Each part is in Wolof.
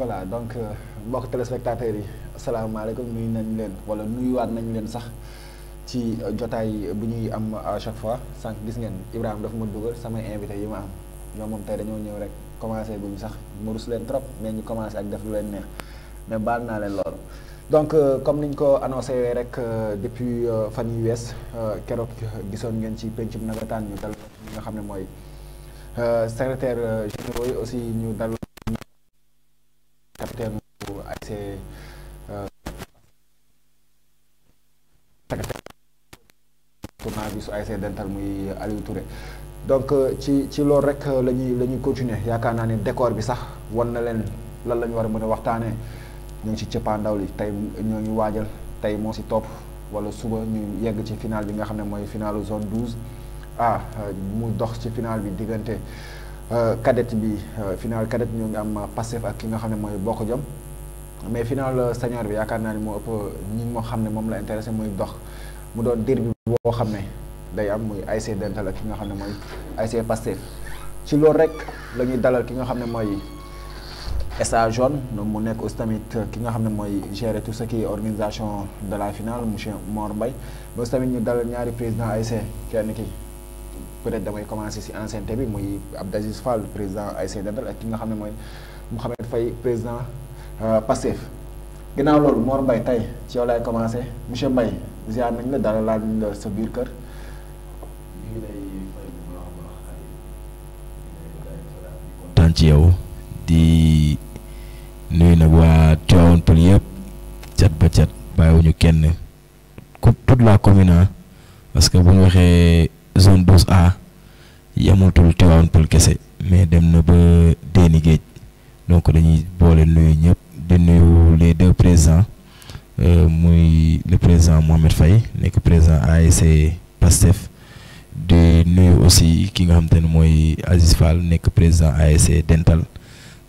voilà donc euh, mbokk téléspectateurs yi asalaamaaleykum nuyu nañ leen wala waat nañu leen sax ci jotaay bu ñuy am à chaque fois sànq gis ngeen ibrahim dafa ma dugal samay invité yi ma am ñoom moom tey dañoo ñëw rek commencé bu ñu sax mu rus leen trop mais ñu commencé ak def lu leen neex mais baal naa leen loolu. donc euh, comme ni ñu ko annoncé rek euh, depuis fan yu wees keroog gisoon ngeen ci pencum nawetaan ñu dal ñi nga xam ne mooy secrétaire généraux su su ASC e Dental muy Aliou donc euh, ci ci loolu rek euh, la ñuy la ñuy continuer yaakaar naa ni décor bi sax wan na leen lan la ñu war a mën a waxtaanee ñu ngi ci cëppaandaw li tey ñoo ngi waajal tey moo si topp wala suba ñu yegg ci final bi nga xam ne mooy finalu zone 12 ah euh, mu dox ci final bi diggante cadette bi final cadette ñoo ngi am Pastef ak ki nga xam ne mooy Bokk Jom mais final senior bi yaakaar naa ni moo ëpp ñi moo xam ne moom la intéressé muy dox mu doon derby boo xam ne day am muy ASC Dental ak ki nga xam ne mooy ASC Pastef ci loolu rek la ñuy dalal ki nga xam ne mooy SA Jaune moom mu nekk aussi tamit ki nga xam ne mooy gérer tout ce qui organisation de la finale monsieur Mor mbay mais aussi tamit ñu dalal ñaari président ASC kenn ki peut-être damay commencer ci enceinte bi muy Abdaziz président ASC Dental ak ki nga xam ne mooy Mouhamed Faye président euh, Pastef ginnaaw loolu Mor mbay tey ci yow laay commencer monsieur Mbaye nañ la dalal laaj la sa biir kër. ñu ngi lay fay bu baax a baax yow di nuyu nag waa Tivaouane Peulh yëpp cat ba cat bàyyiwuñu kenn ku toute la commune ah, parce que bu ñu waxee zone 12 A yamatul Tivaouane Peulh kese mais dem na ba Déni Géej donc dañuy boole nuyu ñëpp di nuyu les deux présidents euh, muy le président Mohamed Faye nekk président ASC PASTEF di nuyu aussi ki nga xam ne mooy Aziz Fall nekk président ASC Dental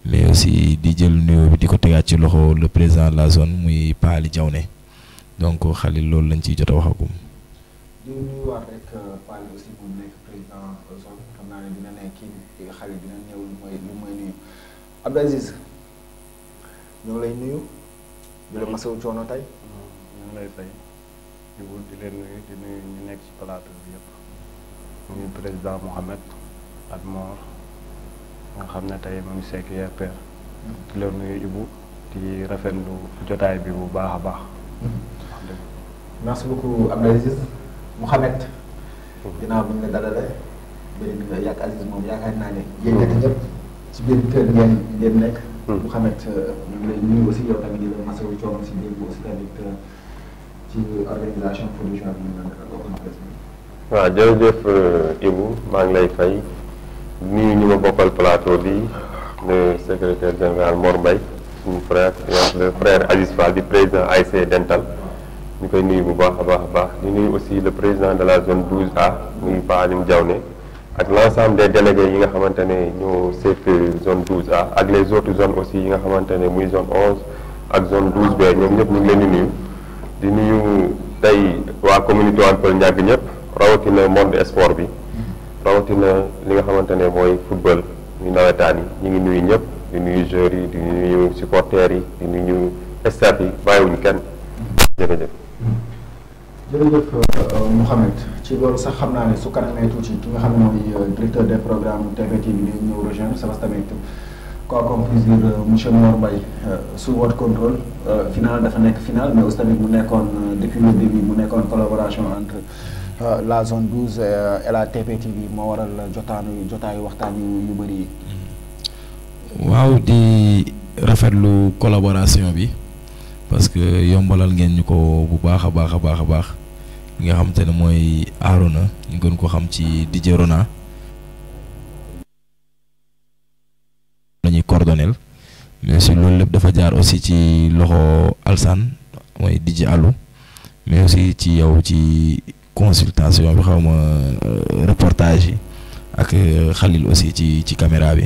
mais aussi di jël nuyoo bi di ko tegaat ci loxo le président la zone muy Paali jawne donc xalil loolu lañ ciy jot a waxagum. di euh, xam naa ne dina nekk kii xalil dina ñëw la muy président Mohamed Atmor nga xam ne tey mu ngi sekk YPR di la nuyu Ibou di rafetlu jotaay bi bu baax a baax. Mm-hmm. merci beaucoup Abdoul Aziz Mohamed. Mm-hmm. ginnaaw bi nga dalalee. bëri na nga yàgg Aziz moom yaakaar naa ne yéen ñett ñëpp ci biir kër ngeen ngeen nekk. Mm-hmm. Mohamed euh, ñu ngi lay nuyu aussi yow tamit di la masawu coono si biir aussi tamit euh, ci organisation production bi ñu naan la waaw jërëjëf euh, Ibou maa ngi lay fay nuyu ñu ma bokkal plateau bi le secrétaire général Mor Mbaye suñu euh, le frère Aziz Fall di président AIC Dental ñu koy nuyu bu baax a baax a baax di nuyu aussi le président de la zone 12A muy Paa jaw Diawne ak l' ensemble des délégués yi nga xamante ne ñoo seet zone ak les autres zones aussi yi nga xamante ne muy zone 11 ak zone 12B ñoom ñëpp ñu leen di nuyu di nuyu tey waa communauté Wampel Ndiaga ñëpp. rawatina monde sport bi rawatina li nga xamante ne mooy football ñu nawetaan yi ñu ngi nuyu ñëpp di nuyu joueurs yi di nuyu supporters yi di nuyu staff yi bàyyiwuñu kenn jërëjëf. jërëjëf euh, Mouhamed ci loolu sax xam naa ne su kanamee ki nga xam ne mooy euh, directeur des programmes TVT bi di ñëw rejoindre Sebas tamit quoi qu'on puisse dire euh, monsieur Mor Mbaye su World Control final dafa nekk final mais u tamit mu nekkoon depuis le début mu nekkoon collaboration entre. Euh, la zone 12 euh, et la TPTV moo waral jotaanu jotaayu waxtaan yu yu bëri mm-hmm. waaw di rafetlu collaboration bi parce que yombalal ngeen ñu ko bu baax a baax a baax a baax li nga xam ne mooy Arona ñu gën ko xam ci DJ Rona. lañuy coordonnel mais si loolu lépp dafa jaar aussi ci loxo Alsane mooy DJ Alou mais ci yow ci. consultation bi xaw euh, reportage ak euh, Khalil aussi ci ci caméra bi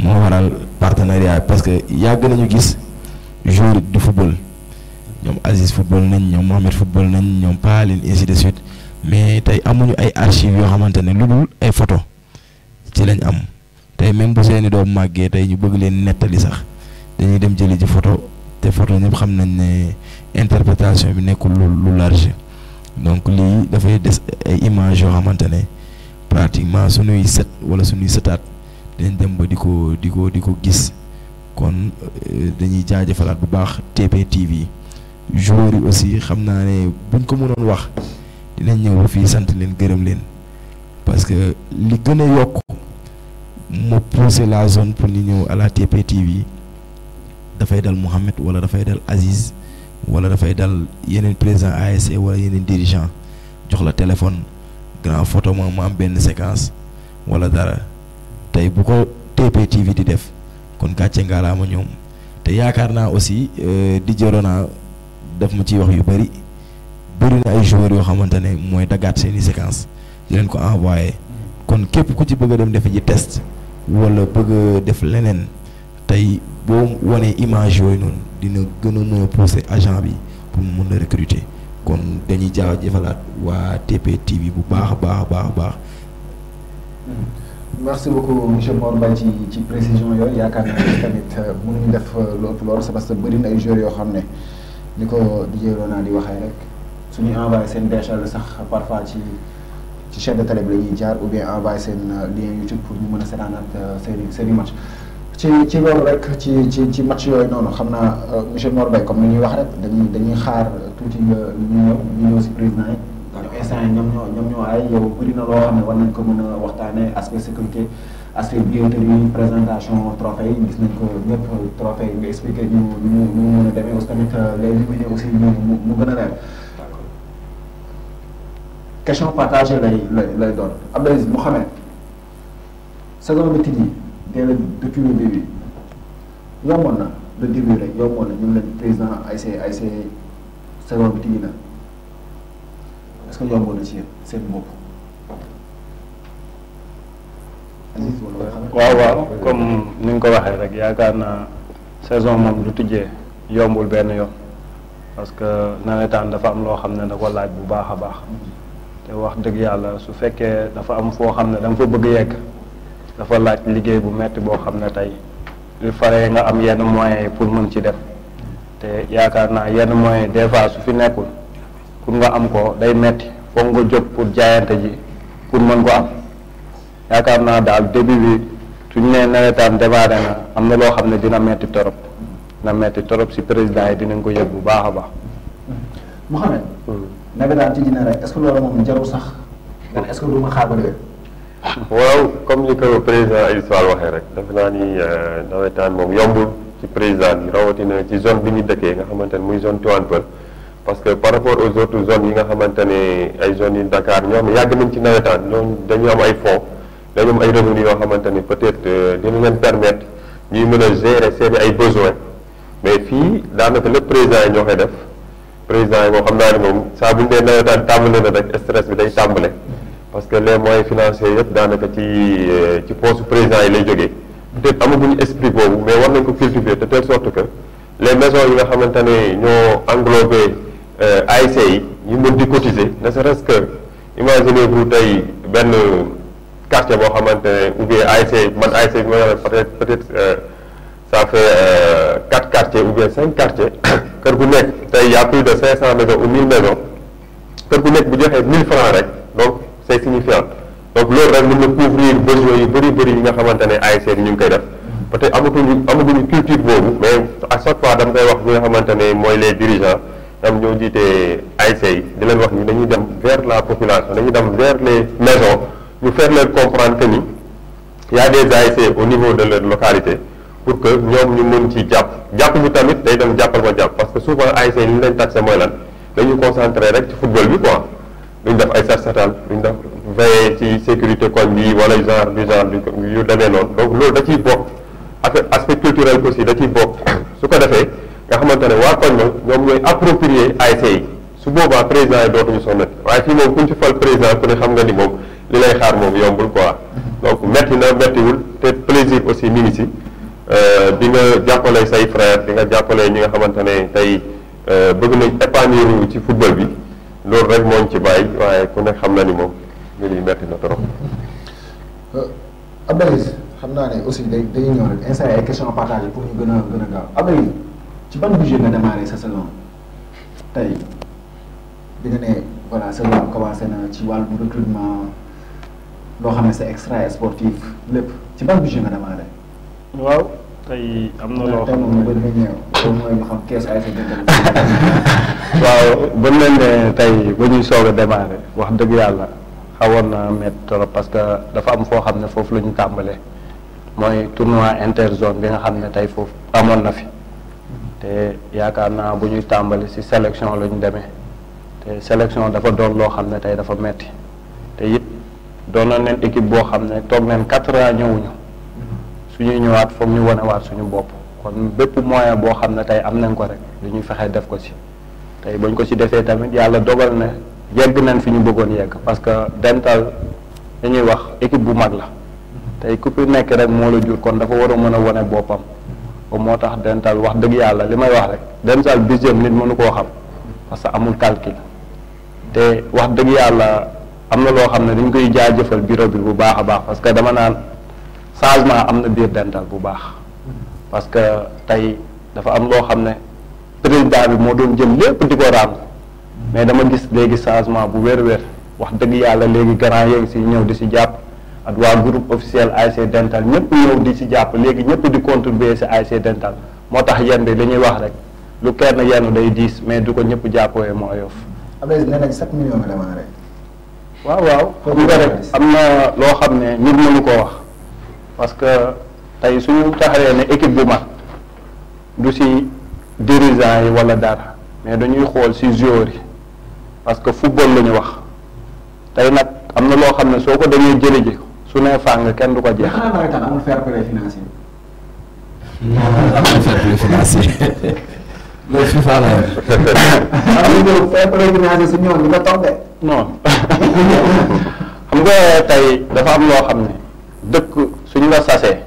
mo waral partenariat parce que yàgg nañu gis jour du football ñom Aziz football nañ ñoom Mohamed football nañ ñoom Paaline ainsi de suite mais tay amuñu ay archives yo xamantene ne lu dul ay photo ci lañ am tay même bu seeni do màggee tay ñu bëgg leen netali sax dañuy dem jëli ji photo te photo ñëpp xam nañ ne interprétation bi nekkul lu large donc lii dafay des ay images yoo xamante ne pratiquement suñuy set wala suñuy setaat dañ dem di ko di ko di ko gis kon euh, dañuy jaajëfalaat bu baax TP TV joueurs yi aussi xam naa ne buñ ko mënoon wax dinañ ñëw ba fii sant leen gërëm leen parce que li gën a yokk mu pousser la zone pour ñu ñëw à la TP TV dafay dal Mouhamed wala dafay dal Aziz. wala dafay dal yeneen président ASC wala yeneen dirigeant jox la téléphone grand photo ma mu am benn séquence wala dara tey bu ko TPTV di def kon gàcce ngaalaama ñoom te yaakaar naa aussi euh, di joro jorona daf ma ciy wax yu bëri bëri ay joueurs yoo xamante ne mooy daggaat seeni séquence di leen ko envoyé kon képp ku ci bëgg a dem def ji test wala bëgg a def leneen tey boo wanee image yooyu noonu dina gën a mën a agent bi pour mu mën a recruter kon dañuy jëfalaat waa TP TV bu baax a baax a baax a baax. merci beaucoup monsieur Mor Mbaye ci ci précision yooyu yaakaar naa ne tamit euh, mënuñu def euh, lu ëpp loolu parce que bëri na ay joueurs yoo xam ne ni ko DJ Lona di waxee rek suñuy envoyé seen DHL sax parfois ci ci chaîne de télé bi la ñuy jaar ou bien envoyé seen euh, lien YouTube pour ñu mën a seetaanaat seen i seen i match ci ci loolu rek ci ci ci match yooyu noonu xam naa monsieur Morbay comme ni ñuy wax rek dañuy dañuy xaar tuuti nga ñu ñëw ñu ñëw si président yi. waaw instant yi ñoom ñoo ñoom ñoo ay yow bëri na loo xam ne war nañ ko mën a waxtaanee aspect sécurité aspect billetterie présentation trophée yi gis nañ ko ñëpp trophée yi nga expliqué ñu ñu ñu ñu mën a demee aussi tamit les limites aussi ñu mu mu gën a leer. question partagée lay lay lay doon Abdoulaye Mouhamed saison bi tijji. dès na le début rek yomboon na ñu ne président ay see seen bopp. waaw waaw comme ni nga ko waxee rek yaakaar naa saison moom du tijjee yombul benn yoon parce que nawetaan dafa am loo xam ne da ko laaj bu baax a baax mm-hmm. te wax dëgg yàlla su fekkee dafa am foo xam ne da nga fa bëgg yegg. dafa laaj liggéey bu metti boo xam ne tey lu faree nga am yenn moyen yi pour mën ci def te yaakaar naa yenn moyens yi des fois su fi nekkul pour nga am ko day metti foog nga jóg pour jaayante ji pour mën ko am yaakaar naa daal début bi suñ nee nawetaan démarré na am na loo xam ne dina metti torop dina metti torop si président yi dinañ ko yëg bu baax a baax. Mouhamed. Hmm. nawetaan ci dina rek est-ce moom jarul sax. est-ce que du xaar ba waaw comme ni ko président Aliou Sall waxee rek defe naa ni euh, nawetaan moom yombul ci président bi rawatina ci zone bi ñu dëkkee nga xamante ne muy zone Tivaouane Peulh parce que par rapport aux autres zones yi nga xamante ne ay zones yi Dakar ñoom yàgg nañ ci nawetaan ñoom dañu am ay fonds dañu am ay revenus yoo xamante ne peut-être euh, dina leen permettre ñuy mën a gérer seen ay besoins mais fii daanaka lépp président yi ñoo koy def président yi moom xam naa ne moom saa bu ñu dee nawetaan tàmbale na rek bi day tàmbale. parce que les moyens financiers yëpp daanaka ci euh, ci poste président yi lay jógee peut-être amaguñu esprit boobu mais war nañ ko cultiver de telle sorte que les maisons yi nga xamante ne ñoo englobé euh, ASC yi ñu mën di cotiser ne serait-ce que bu vous tey benn quartier boo xamante ne ou bien ASC man ASC bi ma peut-être peut-être euh, ça fait quatre quartiers ou bien cinq quartiers kër gu nekk tey y a de cinq cent maisons ou mille maisons kër gu nekk bu joxee mille francs rek c'est signifiant donc loolu rek mën na couvrir besoins yu bëri bëri yi nga xamante ne ASC bi ñu ngi koy def parce que amatuñu amaguñu culture boobu mais à chaque fois dama koy wax ñi nga xamante ne mooy les dirigeants am ñoo jiitee ASC yi di leen wax ni dañuy dem vers la population dañuy dem vers les maisons ñu faire leen comprendre que ni y a des ASC au niveau de leur localité pour que ñoom ñu mën ci jàpp jàpp bi tamit day dem jàppal ko jàpp parce que souvent ASC yi li leen mooy lan dañu concentré rek ci football bi duñ def ay sarsatal duñ def veillé ci sécurité koñ bi wala genre du genre yu demee noonu donc loolu da ciy bokk affaire aspect culturel aussi da ciy bokk su ko defee nga xamante ne waa koñ na ñoom ñooy approprier ASC yi su boobaa président yi dootuñu sonnati waaye fii moom kuñ ci fal président ku ne xam nga ni moom li lay xaar moom yombul quoi donc metti na mettiwul te plaisir aussi mi ngi si euh, di nga jàppale say frère di nga jàppale ñi nga xamante ne tey euh, bëgg nañ épanouir ci football bi loolu rek ngi ci bàyyi waaye ku ne xam na ni moom mbir yi metti na trop. Euh, Abdoulaye xam naa ne aussi day day ñëw rek instant ay questions partagées pour ñu gën a gën a gaaw Abdoulaye ci ban budget nga démarré sa saison tey bi nga ne voilà saison commencé na ci wàllum recrutement loo xam ne c'est extra sportif lépp ci ban budget nga démarré. waaw. tey am na loo xam ne waaw bu tey ba ñuy soog a démarré wax dëgg yàlla xawoon na métti trop parce que dafa am foo xam ne foofu la ñu tàmbalee mooy tournoi interzone bi nga xam ne tey foofu amoon na fi te yaakaar naa bu ñuy tàmbali si sélection la ñu demee te sélection dafa doon loo xam ne tey dafa metti te it doon na leen équipe boo xam ne toog leen quatre ans ñëwuñu ñuy ñëwaat foog ñu wanewaat suñu bopp kon bépp moyen boo xam ne tey am nañ ko rek ñu fexee def ko ci tey bañ ko ci defee tamit yàlla dogal ne yegg nañ fi ñu bëggoon yegg parce que dental ñuy wax équipe bu mag la tey ku fi nekk rek moo la jur kon dafa war a mën a wane boppam ba moo tax dental wax dëgg yàlla li may wax rek dental budget nit mënu koo xam parce que amul calcul te wax dëgg yàlla am na loo xam ne dañ koy jaajëfal bureau bi bu baax a baax parce que dama naan. changement am na biir dental bu baax parce que tey dafa am loo xam ne président bi moo doon jël lépp di ko ràngu mais dama gis léegi changement bu wér-wér wax dëgg yàlla léegi grand yeeg si ñëw di si jàpp ak waa groupe officiel ASC dental ñëpp ñëw di si jàpp léegi ñëpp di contribuer si ASC dental moo tax yenn bi li wax rek lu kenn yenn day diis mais du ko ñëpp jàppooyee moo yof. waaw waaw am na loo xam ne nit mënu ko wax. parce que tey suñu taxawee ne équipe bu mag du si dirigeant yi wala dara mais dañuy xool si joueurs yi parce que football la ñu wax tey nag am na loo xam ne soo ko dañuy jëli ji su nee fàng kenn du ko jeex. amul fair play financier. amul fair play la yor. fair xam nga tey dafa am loo xam ne dëkk. suñ la sasee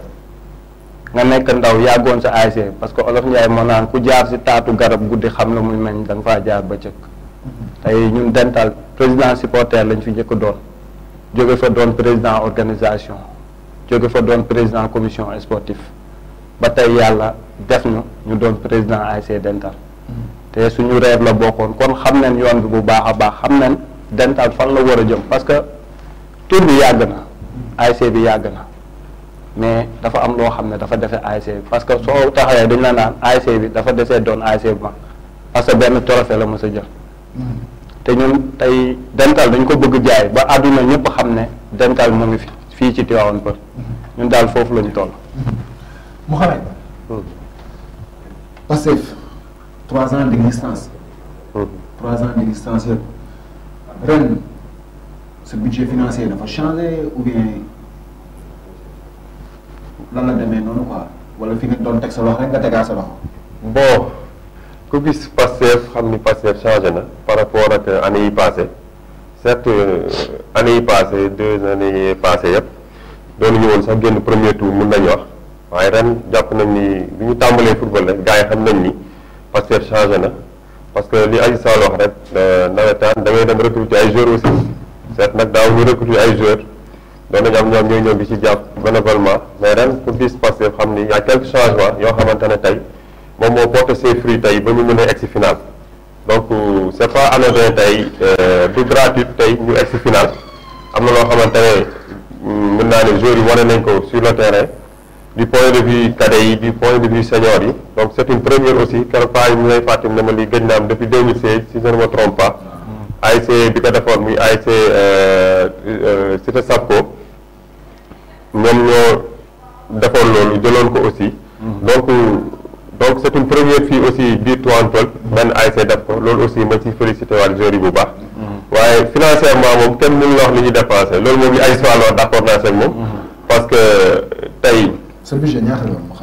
nga nekk ndaw yàggoon sa ASC parce que olof Ndiaye moo naan ku jaar si taatu garab guddi xam la muy meñ da nga faa jaar bëccëg tey ñun dental président supporter lañ fi njëkk doon jóge fa doon président organisation jóge fa doon président commission sportif ba tey yàlla def na ñu doon président ASC dental mm-hmm. te suñu reer la bokkoon kon xam nañ yoon bi bu baax a baax xam nañ dental fan la war a jëm parce que tur bi yàgg na ASC bi yàgg na mais dafa am loo e parce que soo taxawee dañ la naan e IC. dafa e parce que trophée la hmm. ñun dental dañ ko bëgg jaay ba ñëpp dental ngi fi ci hmm. ñun toll hmm. trois ans d'existence trois ans d'existence ren ce budget financier dafa changé ou bien lan la demee noonu quoi wala fi nga doon teg sa loxo rek bon ku gis Pastef xam ni Pastef changé na par rapport ak année yi passé certes euh, année yi passé deux années yi passé yëpp doon ñu woon sax génn premier tour mun nañu wax waaye ren jàpp nañ ni bi ñu tàmbalee football rek gars yi xam nañ ni Pastef changé na parce que li Aliou Sall wax rek euh, nawetaan da ngay dem recruter ay joueurs aussi certes nag daaw ñu recruter ay joueurs. doon nañu am ñoom ñooy ñëw di ci jàpp bénévolement mais ren pour gis passé xam ni y a quelques yoo xamante ne tey moom moo porté ses fruits tey ba ñu mën a egsi final donc c' est pas anodin tey euh, du gratuit tey ñu egsi final am na loo xamante ne mm, mën naa ne joueurs yi wane nañ ko sur le terrain du point de vue cadets yi du point de vue seniors yi donc c' est une première aussi keroog paa yi mu lay fàttali ne ma lii gëj na am depuis 2016 si je ne me trompe pas ASC bi ko defoon muy ASC euh, euh, ñoom ñoo defoon loolu jëloon ko aussi. Mm-hmm. donc donc c' est une première fii aussi biir Tivaouane Peulh benn ASC def ko loolu aussi ma ci félicité waat joueurs yi bu baax. Mm-hmm. waaye financièrement moom kenn mënu la wax li ñu dépensé loolu moom li ay soxla d' accord naa seeg moom. Mm-hmm. parce que tey. sa budget ñaata la woon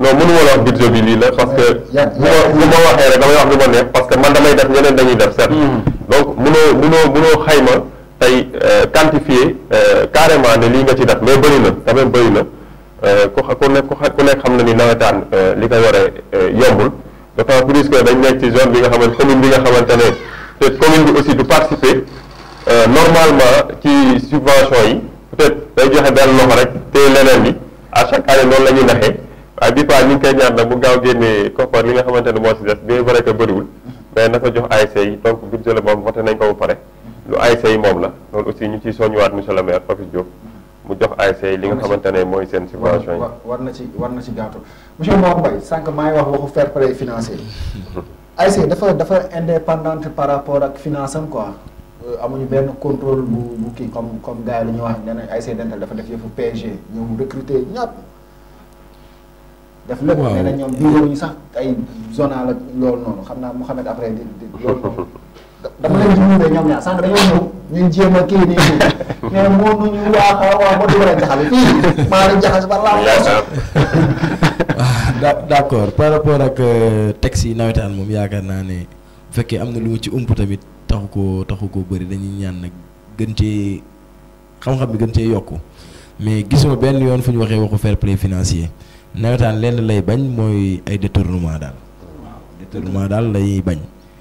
non mënu wax budget bi lii la parce que. bu ma bu ma waxee rek damay wax lu ma neex parce que man damay def ñeneen dañuy def seet. donc mënoo mënoo mënoo xayma. tey euh, quantifier euh, carrément ne lii nga ci def mais bëri na quand même bëri na euh, ku ku nekk ku nekk xam na ni nawetaan li ko yore yombul d'autant plus que dañ nekk ci zone bi nga xamante commune bi nga xamante ne te commune bi aussi du participer normalement ci subvention yi peut-être day joxe benn loxo rek te leneen bi à chaque année noonu la ñuy naxee waaye bi fois ñu ngi koy ñaan bu gaaw génnee koppar li nga xamante ne moo si des bien vrai que bëriwul mais na ko jox ASC e yi donc budget la moom nañ ko ba pare lu ASC yi moom la loolu aussi ñu ciy soo monsieur le maire Papis Diop mu jox ASC yi li nga xamante ne mooy seen subvention yi war na ci war na ci gàttu monsieur Mor Mbaye sànq maa ngi wax waxu fair play financier dafa dafa indépendante par rapport ak finance am quoi euh, amuñu benn contrôle bu bu kii comme comme gars yi la ñuy wax nee na ASC Dental dafa def yëfu PSG ñoom recruter ñëpp def lépp nee na ñoom biiróo ñu sax ay zonal ak loolu noonu xam naa Mouhamed après di di loolu noonu da leen par d' accord par rapport ak euh, texte yi nawetaan moom yaakaar naa ne bu fekkee am na lu ma ci ump tamit taxu koo taxu ko bari dañuy ñaan nag gën ci xam-xam bi gën ci yokk mais gisuma benn yoon fu ñu waxee waxu fair play financier nawetaan lenn lay bañ mooy ay détournement daal. détournement daal lay bañ.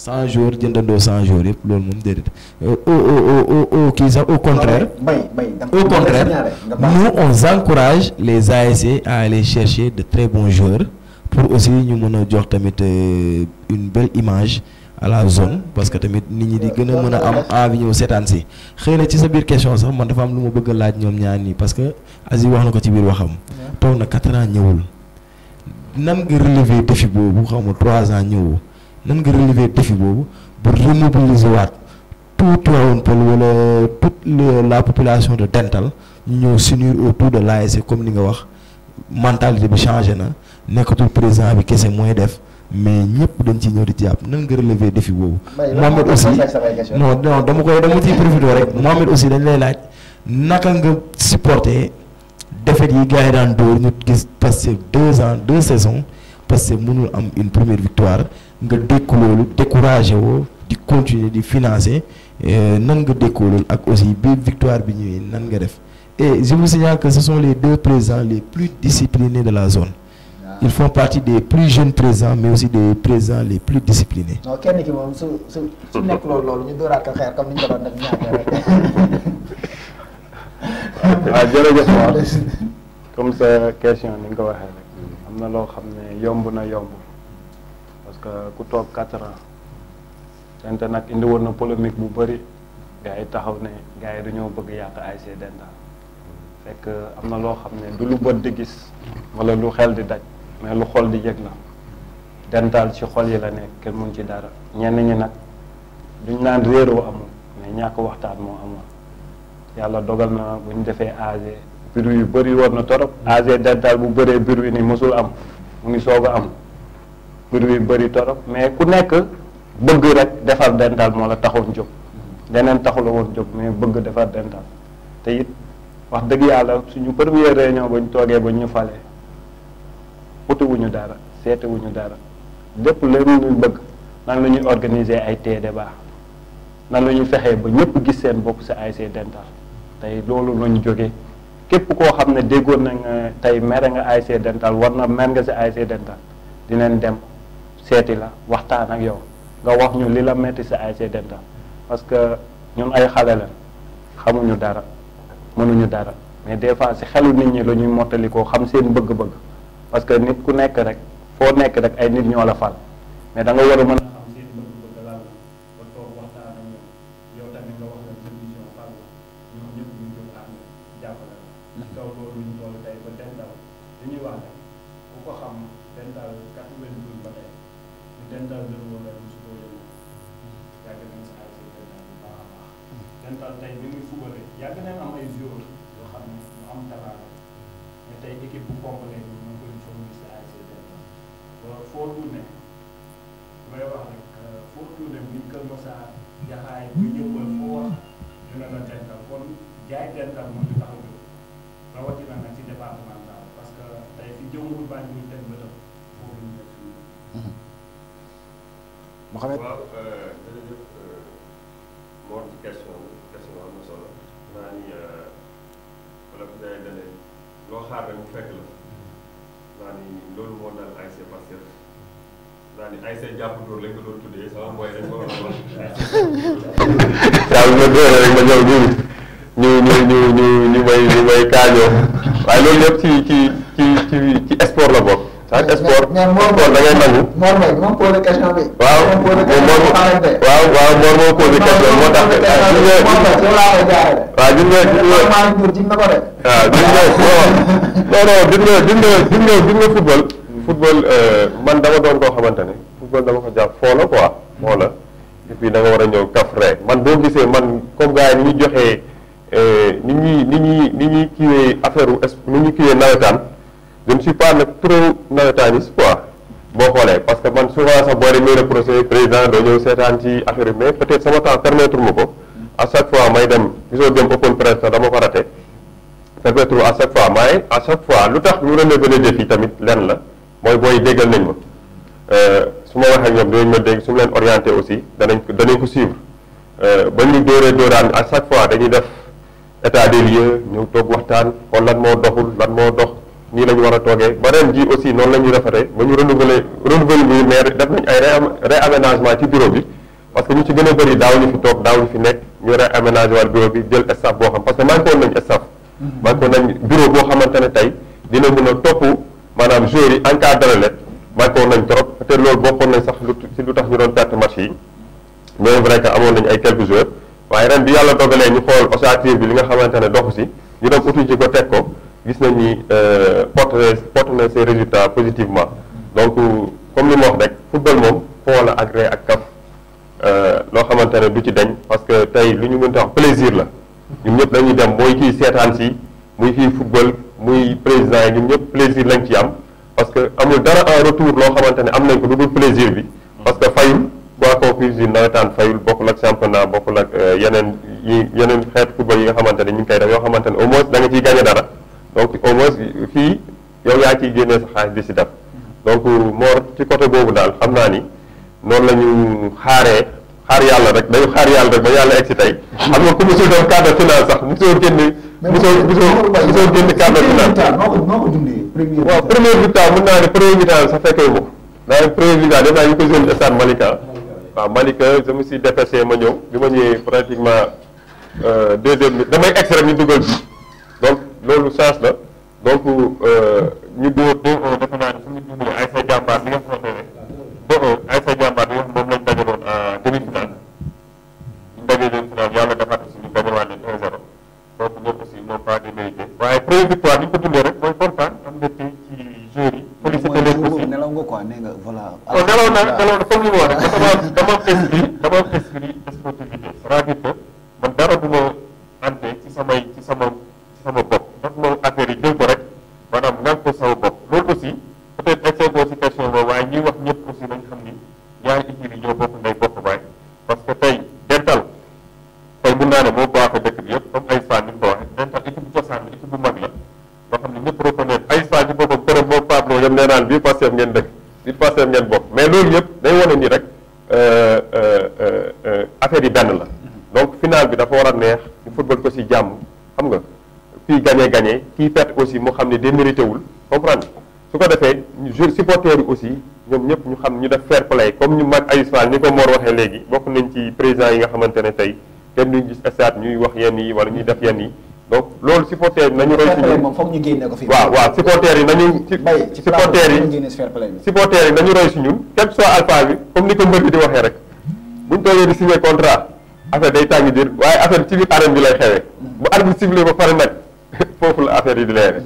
100 jours 100 jours euh, au contraire. au contraire nous on encourage les ASC à aller chercher de très bons joueurs pour aussi nous mettre euh, une belle image à la zone parce que nous, euh, avons a parce que 4 ans ñëwul. avons 3 ans nan nga relever défi boobu ba remobiliser waat tout Tivaouane Peulh wala toute la population de Dental ñu ñëw s'unir autour de l'ASC comme ni nga wax mentalité bi changé na nekkatul président bi kese mooy def mais ñëpp dañ ci ñëw di jàpp nan nga relever défi boobu. Mohamed aussi non non dama koy dama ciy profité rek Mohamed aussi dañ lay laaj naka nga supporter défaite yi gars yi daan dóor ñu gis passé deux ans deux saisons parce que mënul am une première victoire nga dékku loolu découragé di continuer de financer euh, nan nga dékkoo loolu ak aussi bi victoire bi ñëwee nan nga def et je vous signale que ce sont les deux présidents les plus disciplinés de la zone ah. ils font partie des plus jeunes présidents mais aussi des présidents les plus disciplinés. non kenn ki moom su su su nekk loolu loolu ñu dooraat ko comme ça, ñu ko doon def ñaata rek. waaw ah, jërëjëf waaw comme sa question ni nga ko waxee rek am na loo xam yomb na yomb. ku toog quatre ans nag indi woon na polémique bu bëri gars yi taxaw ne gars yi du dañoo bëgg yàq ASC Denta fekk euh, am na loo xam ne du lu bët di gis wala lu xel di daj mais lu xol di yëg la dental ci xol yi la ne kenn mun ci dara ñenn ñi nag duñ naan réeroo amul mais ñàkk waxtaan moo amoon yàlla dogal na bu ñu defee AG bureau yu bëri woon na torop AG dental bu bëree bureau yi nii mosul am mu ngi soog a am mbir mi bëri torop mais ku nekk bëgg rek defar dental moo la taxoon jóg leneen taxu la woon jóg mais bëgg defar dental te it wax dëgg yàlla suñu première réunion ba ñu toogee ba ñu falee utiwuñu dara seetiwuñu dara lépp leen luñ bëgg nan la ñuy organiser ay teede débat nan la ñuy fexee ba ñëpp gis seen bopp si ASC dental tey loolu lañu jógee képp koo xam ne déggoon na eh, tey mere nga ASC dental war na mer nga si ASC dental dinañ dem seeti la waxtaan ak yow nga wax ñu li la metti si ASC Dental parce que ñun ay xale la xamuñu dara mënuñu dara mais des fois si xelu nit ñi la ñuy mottalikoo xam seen bëgg-bëgg parce que nit ku nekk rek foo nekk rek ay nit ñoo la fal mais da nga mën mais Mor Mor da ngay nangu. Mor mooy moom posé question bi. waaw moom waaw waaw Mor moo posé question moo tax. waaw ah, gis football. football euh, man dama doon koo xamante ne football dama ko jàpp foo la quoi foo la et war a ñëw kaf rek man boo gisee man comme gars yi ni ñu joxee euh, ni ñuy ni ñuy ni ñuy kiiwee affaire nu ni ñuy kiiwee nawetaan. je ne suis pas nag trop nawetaaniste quoi boo xoolee parce que man souvent sax boo demee le procès président doo ñëw seetaan ci affaire yi mais peut-être sama temps permettre ma ko à chaque fois may dem gisoo dem open press dama ko raté permettre à chaque fois may à chaque fois lu tax ñu relever le défi tamit lenn la mooy booy déggal nañ ma euh, su ma waxee ak ñoom dinañ ma dégg su ma leen orienté aussi danañ ko danañ ko suivre euh, ba ñu dóoree dóoraan à chaque fois dañuy def état des lieux waxtaan xool lan moo doxul lan moo dox nii lañu war a toogee ba ren ji aussi noonu la ñuy rafetee ba ñu renouveler renouveler bi mais def nañ re réaménagement ci bureau bi parce que ñu ci gën a bëri daaw ñu fi toog daaw ñu fi nekk ñu réaménagé waat bureau bi jël staff boo xam parce que manqué woon nañ staff mm-hmm. boo xamante ne tey dina mën a topp maanaam joueurs yi leen manqué nañ trop te loolu bokkoon nañ sax lu ci lu tax ñu doon perte match yi mais vrai amoon nañ ay quelques joueurs waaye ren bi yàlla dogalee ñu xool ossature bi li nga xamante ne doxu si ñu dem utuñ ci ko teg ko gis nañ ni porte porte na ses résultat positivement donc comme li ma wax rek football moom foo la agré ak kaf euh, loo xamante ne du ci dañ parce que tey lu ñu mën ta wax plaisir la ñun ñëpp dañuy dem mooy kii seetaan si muy fii football muy président yi ñun ñëpp plaisir lañ ci am parce que amul dara en retour loo xamante ne am nañ ko du dul plaisir bi parce que fayul quoi qu'on puisse dire nawetaan fayul bokkul ak championnat bokkul ak euh, yeneen yi yeneen xeet football yi nga ne ñu ngi koy def yoo xamante ne au da nga ciy gagné dara donc au moins fii yow yaa ciy génnee sa xaalis di si def donc Mor ci côté boobu daal xam naa ni noonu lañu xaare xaaree xaar yàlla rek dañu xaar yàlla rek ba yàlla egg si tey. xam nga ku mosul doon cadre finance sax mosoo génn. mosoo mosoo mosoo génn cadre finance. waaw première victoire mën naa ne première victoire sa fekkee ko naa ne première def naa ñu ko jeune stade Malika. waaw Malika je me suis dépêché ma ñëw bi ma ñëwee pratiquement euh, deuxième bi damay egg rek ñu dugal loolu chance la donc euh, ñu dóor 2-1 defe naa ne suñu dundee ay sa jàmbaar bi nga xamante ne 2-1 ay sa jàmbaar bi nga xam moom lañ dajaloon en demi finale ñu dajee leen finale yàlla defaat si ñu dajawaat leen 1-0 donc ñoom aussi non pas de mérité waaye première victoire ni ñu ko dundee rek mooy kontaan am mbégte ci joueurs yi félicité leen aussi nelaw nga quoi nee nga voilà oh, nelaw naa nelaw na comme li ma wax rek dama dama prescrire dama prescrire sportivité c'est-à-dire que man dara du ma génne ko fi waaw waaw supporters yi nañu bay ci yi supporters yi nañu roy si ñun quel que alpha bi comme ni ko mbër di waxee rek buñ toogee di signé contrat affaire day tàng jër waaye affaire ci biir arène bi lay xewee hmm. bu arbitre sifflé ba pare nag foofu la affaire yi di leer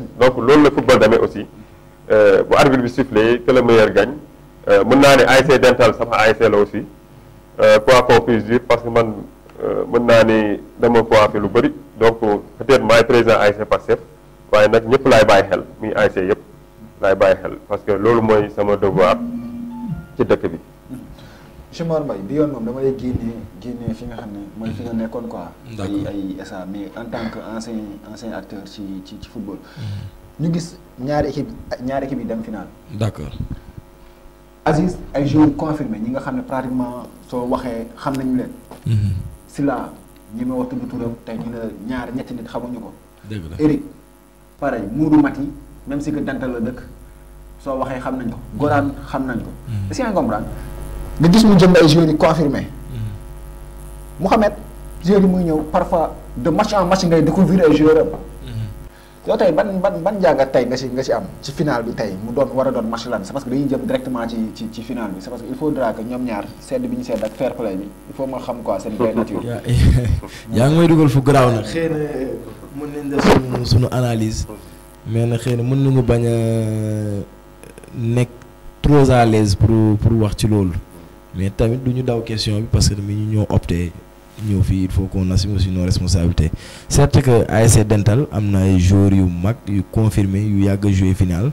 waat ci dëkk bi. monsieur Mor bi yoon moom damay lay génnee fi nga xam ne mooy fi nga nekkoon quoi. ay ay SA mais en tant que ancien ancien acteur ci ci ci football. Mhm. ñu gis ñaari équipe ñaari équipe yi dem final. d'accord. Aziz ay joueurs confirmés ñi nga xam ne pratiquement soo waxee xam nañu leen. Mhm. Sila ñi ma wax tudd turam tey ñu ne ñetti nit xamuñu ko. dëgg la Eric pareil Mourou Mati si que Dantal la dëkk. soo waxee xam nañ ko Goraan xam nañ ko. Mm. est-ce que nga gis mu jëm ay joueurs yu confirmé. Mm. Mouhamed joueurs yi muy ñëw parfois de match en match ngay découvrir ay joueurs am. Mm. yow tey ban ban ban jàngat tey nga si nga si am ci final bi tey mu doon war a doon match lan c'est parce que dañuy jëm directement ci ci ci final bi c'est parce que il faudra que ñoom ñaar sedd bi ñu sedd ak fair play bi il faut ma xam quoi seen vraie nature. yaa ngi may dugal fu garaaw nag. xëy na mën nañ def analyse. mais nag xëy na mën nañu bañ a. nek trop à l'aise pour pour voir ci loolu mais tamit duñu daw question bi parce que tamit ñu ñoo opté ñoo fi il faut qu'on assume aussi nos responsabilités certes que ASC Dental amna ay joueurs yu mag yu confirmé yu yag jouer final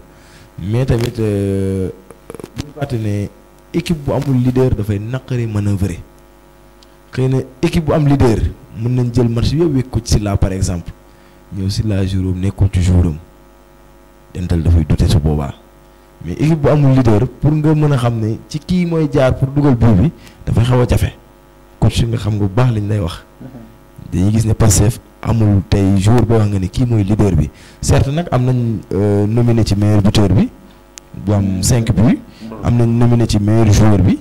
mais tamit euh, bu ñu fàtte équipe bu amul leader fay nakari manœuvrer xëy équipe bu am leader mën nañ jël match yëpp wékk ci la par exemple ci la jouram nekkul ci jouram Dental fay doté su boba mais équipe bu amul leader pour nga mën a xam ne ci kii mooy jaar pour dugal bii bi dafay xaw a jafe coach nga xam nga bu baax lañ lay wax. dañuy gis ne Pastef amul tey jour boo wax nga ne kii mooy leader bi certes nag am nañ euh, nominé ci meilleur buteur bi bu am 5 buts. am nañ nominé ci meilleur joueur bi.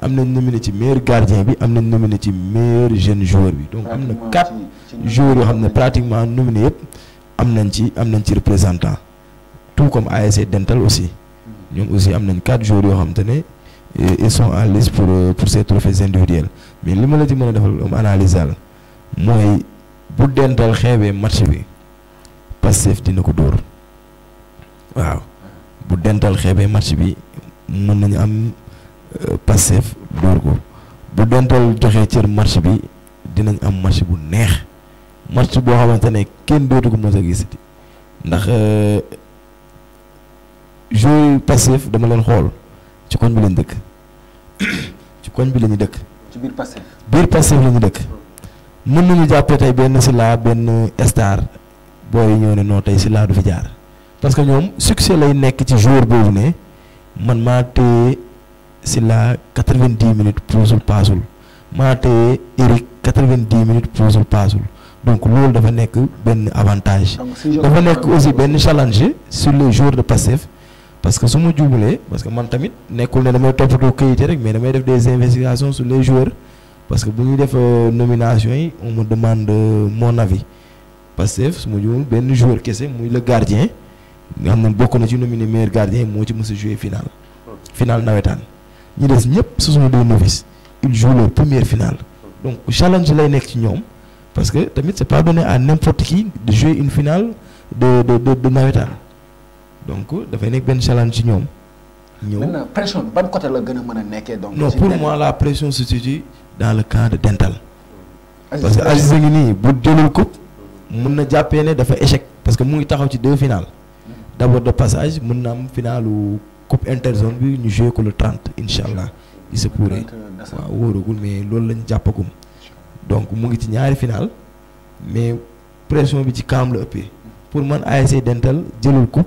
am nañ nominé ci meilleur gardien bi am nañ nominé ci meilleur jeune joueur bi donc am na quatre jour yoo xam ne pratiquement nominé yëpp am nañ ci am nañ ci représentant tout comme ASC aussi. ñoom aussi am nañ quatre jours yo xamantene et ils sont à l'aise pour pour ces trophées individuels mais li ma la ci mën defal am analyse daal mooy bu dental xewé match bi Pastef dina ko dóor waaw bu dental xewé match bi mën nañu am Pastef dóor ko bu dental joxé ci match bi dinañ am match bu neex match bo xamantene kenn dootu ko mësa gis gisati ndax suis passif dama len xol ci koñ bi len dëkk ci koñ bi ci passif. bir passif dëkk. mën nañu jàppee tey benn star booy ñëw du fi jaar parce que ñoom succès lay nekk ci joueur man minutes Eric 90 minutes donc loolu dafa nekk avantage. dafa aussi challenge sur le jour de passif parce que si je parce que man tamit nekkul ne damay toppatoo kayité rek mais damay def des investigations sur les joueurs parce que je ñuy def euh, nomination yi on me demande euh, mon avis parce que si je ben joueur kessé muy le gardien nga xam ne na ci nominé meilleur gardien mo ci mës jouer final. final de ñi des ñep ce sont des novices ils jouent leur première finale. donc challenge lay nek ci ñom parce que tamit c'est pas donné à n'importe qui de jouer une finale de de de donc dafay nekk benn challenge ci ñoom. la maintenant pression ban côté la gën a mën donc. non pour moi la pression se situe dans le camp de Dental. parce que Aziz a ngi de bu jëlul coupe mun na jàppee dafa échec parce que mu ngi taxaw ci deux finales hmm. d' de passage mon na am ou coupe interzone bi ñu jouer ko le 30 inshallah, il se pourrait euh, waaw wóoragul mais loolu lañ jàppagum donc mu ngi ci ñaari final mais pression bi ci camp la ëppee pour man ASC Dental jëlul coupe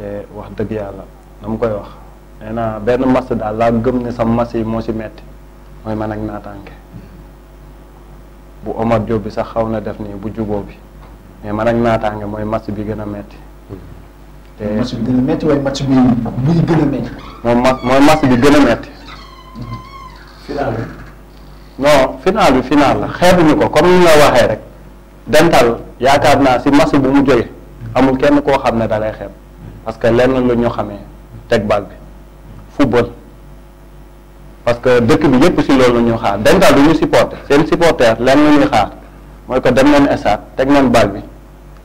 te wax dëgg yàlla na koy wax nee naa benn mas daal laa gëm ne sa mas yi moo si metti mooy man ak naataange bu Omar Diop bi sax xaw na def nii bu juboo bi mais man ak naataange mooy mas bi gën a metti te bi gën a bi gën a metti moom mas mooy mas bi gën a metti final bi non final bi final la xeebuñu ko comme ni nga waxee rek dental yaakaar naa si mas bi mu jógee amul kenn koo xam ne dalay xeeb parce que lenn la ñoo xamee teg bal bi football parce que dëkk bi yëpp si loolu la ñuy xaar dañ daal du ñu supporter seen supporter lenn la ñuy xaar mooy que dem nañ stade teg neen bal bi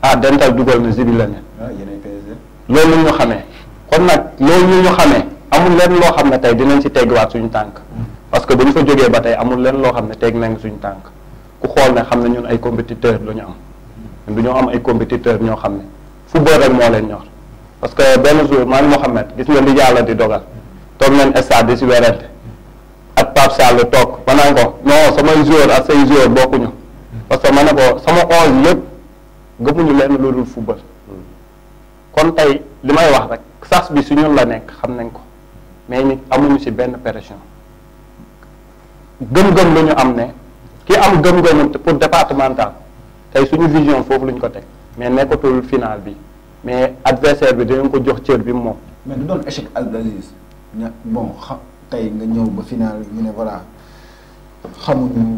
ah dental dugal na zibi la ne ah, loolu la ñu xamee kon nag loolu ñu ñu xamee amul lenn loo xam ne tey dinañ si teggiwaat suñu tànk parce que bu ñu fa jógee ba tey amul lenn loo xam ne teg nañ suñu tànk ku xool ne xam ne ñun ay compétiteur la ñu am du ñoo am ay compétiteur ñoo xam ne football moo leen ñor parce que benn jour man Mouhamed gis nga li yàlla di dogal toog nañ stade di si werante ak Pape Sall toog ma naan ko non samay joueur ak say joueur parce que ma ne ko sama onze yëpp gëmuñu lenn lu dul tey li wax rek sas bi su ñun la nekk xam nañ ko mais nit amuñu si benn pression gëm-gëm lu ñu am ne ki am gëm-gëm pour départemental tey suñu vision foofu lu ñu ko teg mais nekkatul final bi mais adversaire bi dinañ ko jox cër bi moom. mais du doon échec Abdou Aziz ña bon xam tey nga ñëw ba final ñu ne voilà xamuñu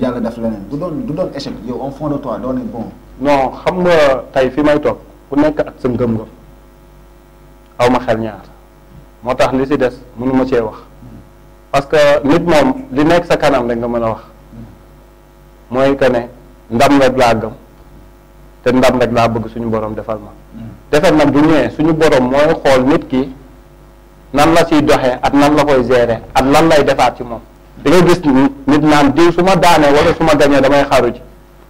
yàlla def leneen du doon du doon échec yow en fond de toi doo ne bon. non xam nga tey fi may toog ku nekk ak sa ngëm-ngëm aw ma xel ñaar moo tax li si des mënu cee wax parce que nit moom li nekk sa kanam rek nga mën a wax mm. mooy que ne ndam rek laa gëm. te ndam rek laa bëgg suñu borom defal ma hmm. defet nag bu ñëwee suñu borom mooy xool nit ki nan la siy doxee ak nan la koy gérer ak lan lay defaat ci moom da nga gis nit naan diw su ma daanee wala su ma gañee damay xaru ji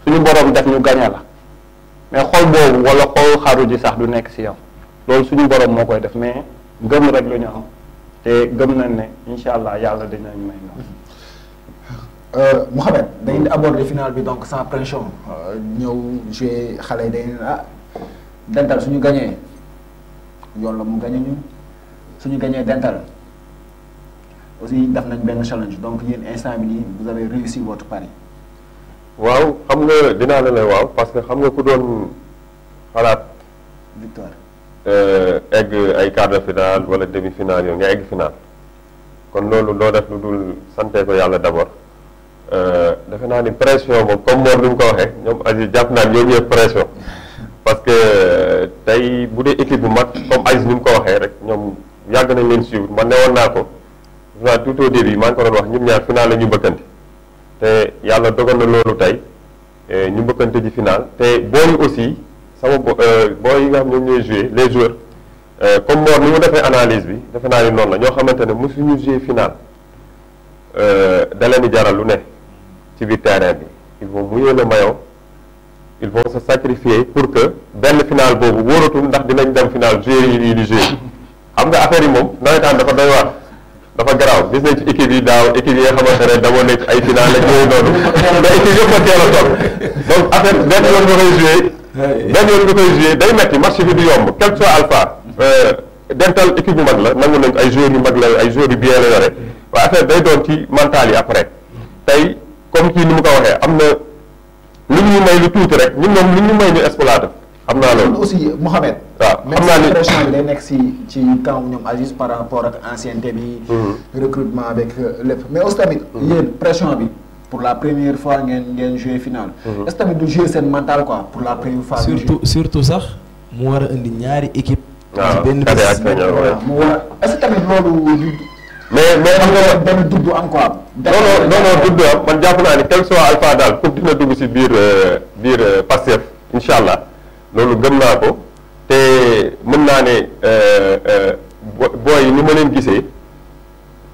suñu borom def ñu gañe la mais xol boobu wala xol xaru ji sax du nekk si yow loolu suñu borom moo koy def mais gëm rek lu ñu am te gëm nañ ne incha allah yàlla dinañ may na Euh, Mohamed, le aborder final donc sans pression euh, ah, dental suñu nous gagnons. mu ñu dental aussi challenge donc instant vous avez réussi votre pari. waaw je nga la parce que xam nga ku vous victoire. Euh, egg ay quart de finale finale finale d'abord. Euh, defe naa ni pression moom comme Mor ni mu ko waxee ñoom Aziz jàpp naa ñoom ñëpp pression parce que euh, tey bu dee équipe bu mag comme Aziz nu mu ko waxee rek ñoom yàgg nañ leen suivre man newoon naa ko defe tout au début maa ngi ko doon wax ñun ñaar final la ñu bëkkante te yàlla dogal na loolu tey euh, ñu mbëkkante ji finaal te booy aussi sama booy yi nga xam ñoom ñooy joué les joueurs comme Mor nu mu defee analyse bi defe naa ni noonu la ñoo xamante ne mosuñu joué final da leen di jaral lu ne. ci biir terrain bi ils vont mouiller le maillot ils vont se sacrifier pour que benn final boobu wóoratul ndax dinañ dem final joueurs yi nii di jouer xam nga affaire yi moom nawetaan dafa doy waar dafa garaaw gis nañ ci équipe yi daaw équipe yi nga xamante ne damoo nekk ay final ak yooyu a teel a toog donc affaire benn yoon nga koy jouer benn yoon nga koy jouer day metti marché bi du yomb quel soit alpha euh, dental équipe bu mag la nangu nañ ay joueurs yu mag la ay joueurs yu bien la yore waaye affaire day doon ci mental yi après tey comme qui ni mu ko waxee am na lu ñu may lu tuuti rek ñun moom lu ñu may ñu exploité xam naa loolu. aussi Mohamed. waaw xam naa pression bi day nekk si ci camp ñoom Aziz par rapport ak ancienneté bi. Mhm. recrutement avec lépp mais aussi tamit. Mhm. yéen pression bi. pour la première fois ngeen ngeen joué finale. Mhm. est-ce que tamit du joué seen mental quoi pour la première fois. surtout surtout sax mu war a indi ñaari équipe. Ah, ci benn bés mu war a est-ce que tamit loolu. mais mais xam nga man benn dudd am quoi. non non non non dudd am man jàpp naa ne quel soit alpha daal pour dina dugg si biir euh, biir euh, Pastef incha allah loolu gëm naa ko te mën naa ne euh, booy ni ma leen gisee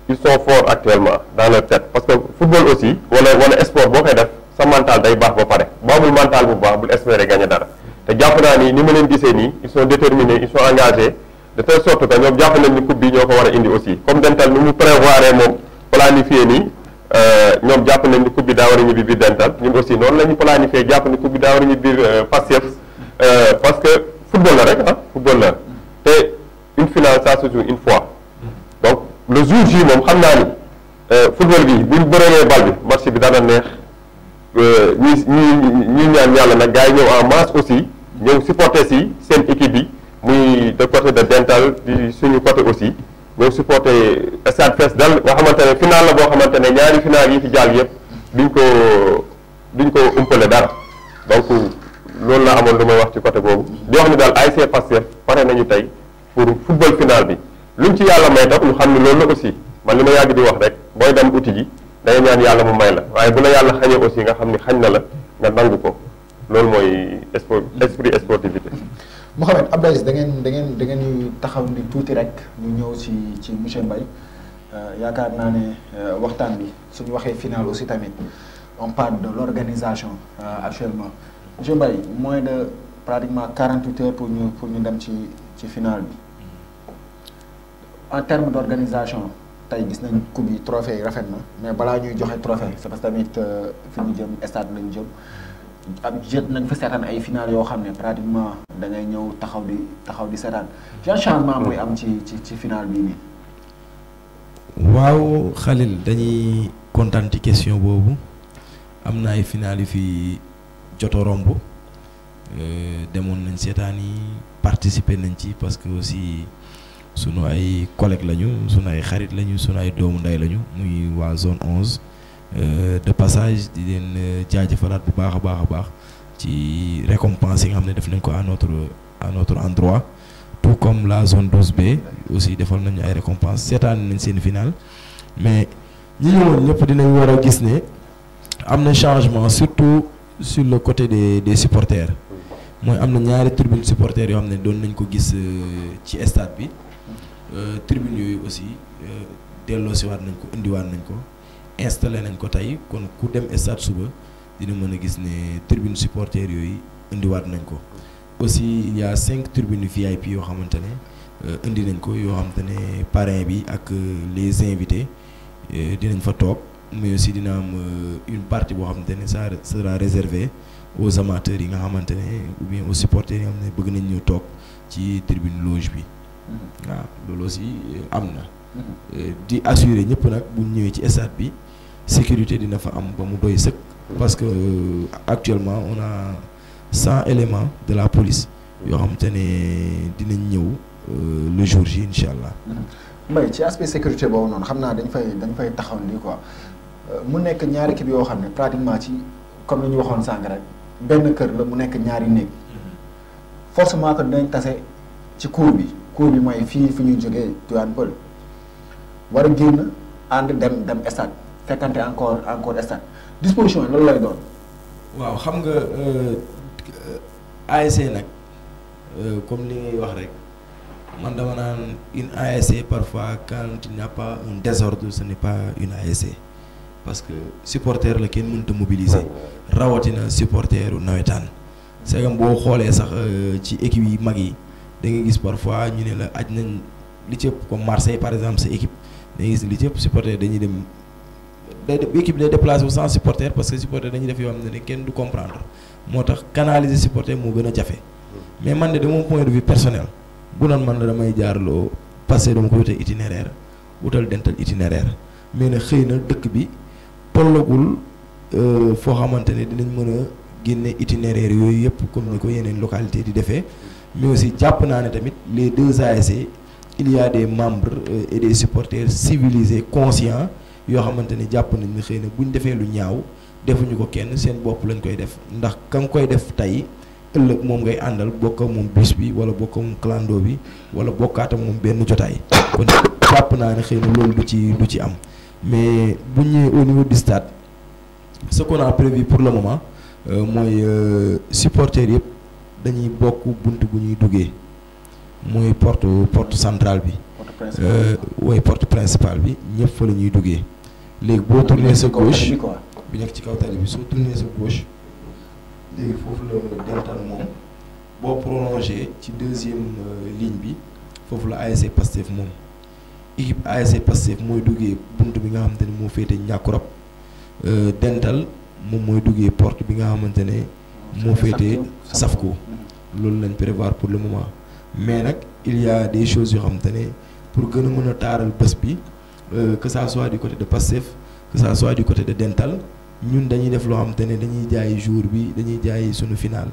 ils sont forts actuellement dans leur tête parce que football aussi wala wala sport boo koy def sa mental day baax ba pare boo amul mental bu baax bul espérer gagner dara te jàpp naa ni ni ma leen gisee nii ils sont déterminés ils sont engagés. de telle sorte que ñoom jàpp nañ ni coupe bi ñoo ko war a indi aussi comme dental ni mu prévoir moom planifié nii euh, ñoom jàpp nañ ni coupe bi daa war a ñibbi biir dental ñun aussi noonu la ñu planifié jàpp ni coupe bi daa war a ñibbi bi euh, Pastef euh, parce que football la rek ah football la te une finale ça se joue une fois donc le jour J moom xam naa ni football bi buñ bëree bal bi match bi dana neex ñi ñu ñi ñaan yàlla nag gars yi ñëw en masse aussi ñëw supporter si seen équipe yi. muy de côté de dental di suñu côté aussi ñoo supporté stade fes dal nga xamante ne final la boo xamante ne ñaari final yi fi jàll yëpp duñ ko duñ ko umpale dara donc loolu laa amoon lu wax ci côté boobu di wax ni daal ASC Pastef pare nañu tey pour football final bi luñ ci yàlla may tax ñu xam ne loolu la aussi man li ma yàgg di wax rek booy dem uti ji danga ñaan yàlla mu may la waaye bu la yàlla xañee aussi nga xam ni xañ na la nga nangu ko loolu mooy esprit sportivité Mouhamed Abdou Aziz da ngeen da ngeen da ngeen ñu taxaw ni tuuti rek ñu ñëw ci ci monsieur Mbaye euh, yaakaar naa ne euh, waxtaan bi suñu waxee final aussi tamit on parle de l'organisation euh, actuellement monsieur Mbaye moins de pratiquement 48 heures pour ñu pour ñu dem ci ci final bi en terme d'organisation tey gis nañ coupe yi trophée yi rafet na mais balaa ñuy joxe trophée c'est parce tamit fi ñu jëm stade lañu jëm am jët nañ fa seetaan ay final yoo xam ne pratiquement da ngay ñëw taxaw di taxaw di seetaan yan changement mooy am ci ci ci final bii nii. waaw Khalil dañuy kontaan ci question boobu am na ay final yu fi joto a romb euh, demoon nañ seetaan yi participer nañ ci parce que aussi sunu ay collègues lañu sunu ay xarit lañu sunu ay doomu ndey lañu muy waa zone 11. Euh, de passage di leen euh, jaajëfalaat bu baax a baax ci récompense yi nga xam def nañ ko à notre à notre endroit tout comme la zone 12B aussi defal nañ ay récompense seetaan nañ seen final mais ñi ñëwoon ñep dinañ war a gis ne am changement surtout sur le côté des des supporters moy amna ñaari tribune supporters yo xam doon nañ ko gis euh, ci stade bi tribune yooyu aussi delloosiwaat nañ ko indiwaat nañ ko installé nañ ko tay kon ku dem stade suba dina mën a gis ne tribune supporters yooyu wat nañ ko aussi il y a 5 tribunes VIP yo xamantene euh indi nañ ko yo xamantene parrain bi ak euh, les invités euh dinañ fa toog mais aussi dina am euh, une partie boo xamantene ça sera réservé aux amateurs yi nga xamantene ou bien aux supporters yi nga ne bëgg nañ ñëw toog ci tribune loge bi mm-hmm. waaw loolu aussi euh, amna na mm-hmm. di assurer ñëpp nak bu ñëwee ci stade bi sécurité dina fa am ba mu doy sëkk parce que euh, actuellement on a cent éléments de la police yoo xam te ne dinañ ñëw euh, le jour J incha allah. Mbaye ci aspect sécurité boobu noonu xam naa dañ fay dañ fay taxaw nii quoi euh, mu nekk ñaari kii bi yoo xam pratiquement ci comme ni ñu waxoon sànq rek benn kër la mu nekk ñaari néeg forcément que dinañ tase ci cour bi cour bi mooy fii fi ñuy jógee Tivaouane Peulh war a and dem dem stade fekkante encore encore stade disposition loolu lay donné. waaw xam nga euh, ASC nag euh, comme li ngay wax rek man dama une ASC parfois quand il n'y a pas un désordre ce n'est pas une ASC parce que supporter la kenn mënta mobiliser rawatina supporteru nawetaan segam boo xoolee sax euh, ci équipe yi mag yi da nga gis parfois ñu ne la aj nañ li ci comme Marseille par exemple c'est équipe da nga gis li ci ëpp supporter dañuy dem. L'équipe est déplacée sans supporter parce que les supporters def ne comprennent du comprendre moo canaliser les supporters gën a mais man de mon point de vue personnel je doon man la damay côté passé dama ko côté itinéraire Mais dental itinéraire mais ne xëy na dëkk bi tollagul euh, foo xamante ne dinañ mën a itinéraire pour yëpp comme ni ko localité di défaite. mais aussi jàpp les deux ASC il y a des membres euh, et des supporters civilisés conscients yoo xamante ni jàpp nañ ni xëy na buñ defee lu ñaaw defuñu ko kenn seen bopp lañ koy def ndax ka nga koy def tey ëllëg moom ngay àndal bokk ak moom bis bi wala bokk ak moom bi wala bokkaatam moom benn jotaay kon jàpp naa ne xëy na loolu du ci du ci am mais bu ñëwee au niveau de stade ce qu'on a prévu pour le moment euh, mooy euh, supporters yëpp dañuy bokk bunt bu ñuy duggee mooy porte porte centrale bi. porte principale bi. Euh, waaye porte principale bi ñëpp fa la ñuy duggee. léegi boo tourné sa gauche bi nekk ci kaw tali bi soo tourné sa gauche léegi foofu le dental moom boo prolongé ci deuxième euh, ligne bi foofu la ASC Pastef moom équipe ASC Pastef mooy duggee bunt bi nga xamante ne moo féete ñàkkurab euh, dental moom mooy duggee porte bi nga xamante ne moo féete safko mm-hmm. loolu lañ prévoir pour le moment mais nag il y a des choses yoo xamante ne pour gën a mën a taaral bés bi euh, que ça soit du côté de passif que ça soit du côté de Dental ñun dañuy def loo xam te ne dañuy jaay jour bi dañuy jaay le final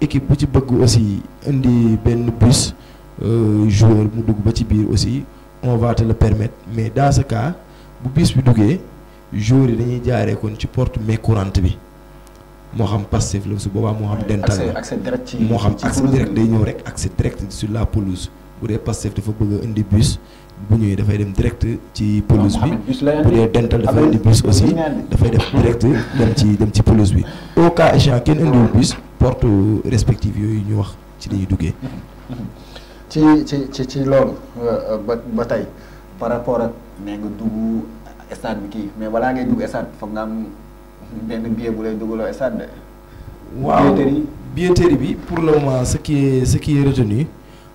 équipe bu ci bëgg aussi indi benn bus euh, joueur mu dugg ba ci biir aussi on va te le permettre mais dans ce cas bu bus bi duggee jour yi dañuy jaaree kon ci porte mais courante bi moo xam passif le su boobaa moo xam dental la moo xam accès direct day ñëw rek accès direct sur la pelouse bu dee Pastef dafa bëgg un indi bus bu ñëwee dafay dem direct ci police bi bu dee dental dafay indi bus aussi dafay def direct dem ci dem ci police bi au cas échéant kenn indiwul bus porte respective yooyu ñu wax ci la ñuy duggee. ci ci ci ci loolu euh, ba ba tey par rapport ak nee nga dugg stade bi kii mais balaa ngay dugg stade foog nga am benn billet bu lay duggaloo stade de. waaw billetterie bi pour le moment ce qui est ce qui est retenu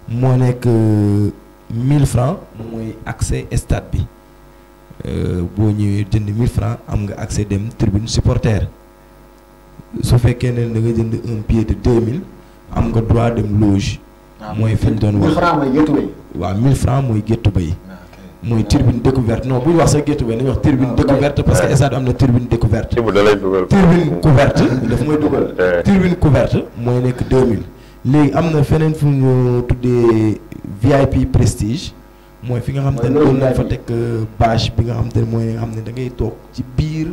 moo nekk. Euh, 1000 francs moy accès stade bi euh, bo ñëwé jënd 1000 francs am nga accès dem tribune supporter su féké né da nga jënd un pied de 2000 am nga droit dem loge. Ah, moy fañ doon wax 1000 francs moy gettu bay. waaw 1000 ah, tribune découverte non bu avez wax sa gettu bay wax tribune ah, découverte parce que stade am na tribune découverte. tribune couverte eh. daf moy dougal eh. tribune couverte moy nek 2000. léegi am fenen fu ñu VIP prestige mooy fi nga xam te ne moom lañ fa teg euh, bâche bi nga xam te ne mooy nga xam ne da ngay toog ci biir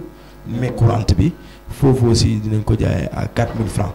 mecc courante bi foofu aussi dinañ ko jaayee à 4000 francs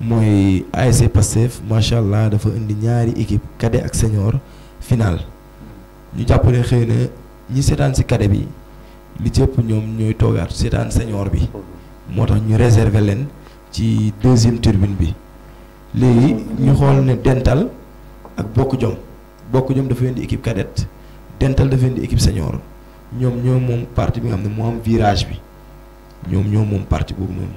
moy ASC Pastef machallah dafa indi ñaari équipe cadet ak senior final ñu jàpp xeyna ñi sétane ci cadet bi li ci ñom ñoy ñooy sétane senior bi motax ñu réserver leen ci deuxième turbine bi léegi ñu xol né dental ak bokk jom bokk jom dafa indi équipe cadette dental dafa indi équipe senior ñom ñom moom parti bi nga xam ne am virage bi ñom ñom moom parti boobu mom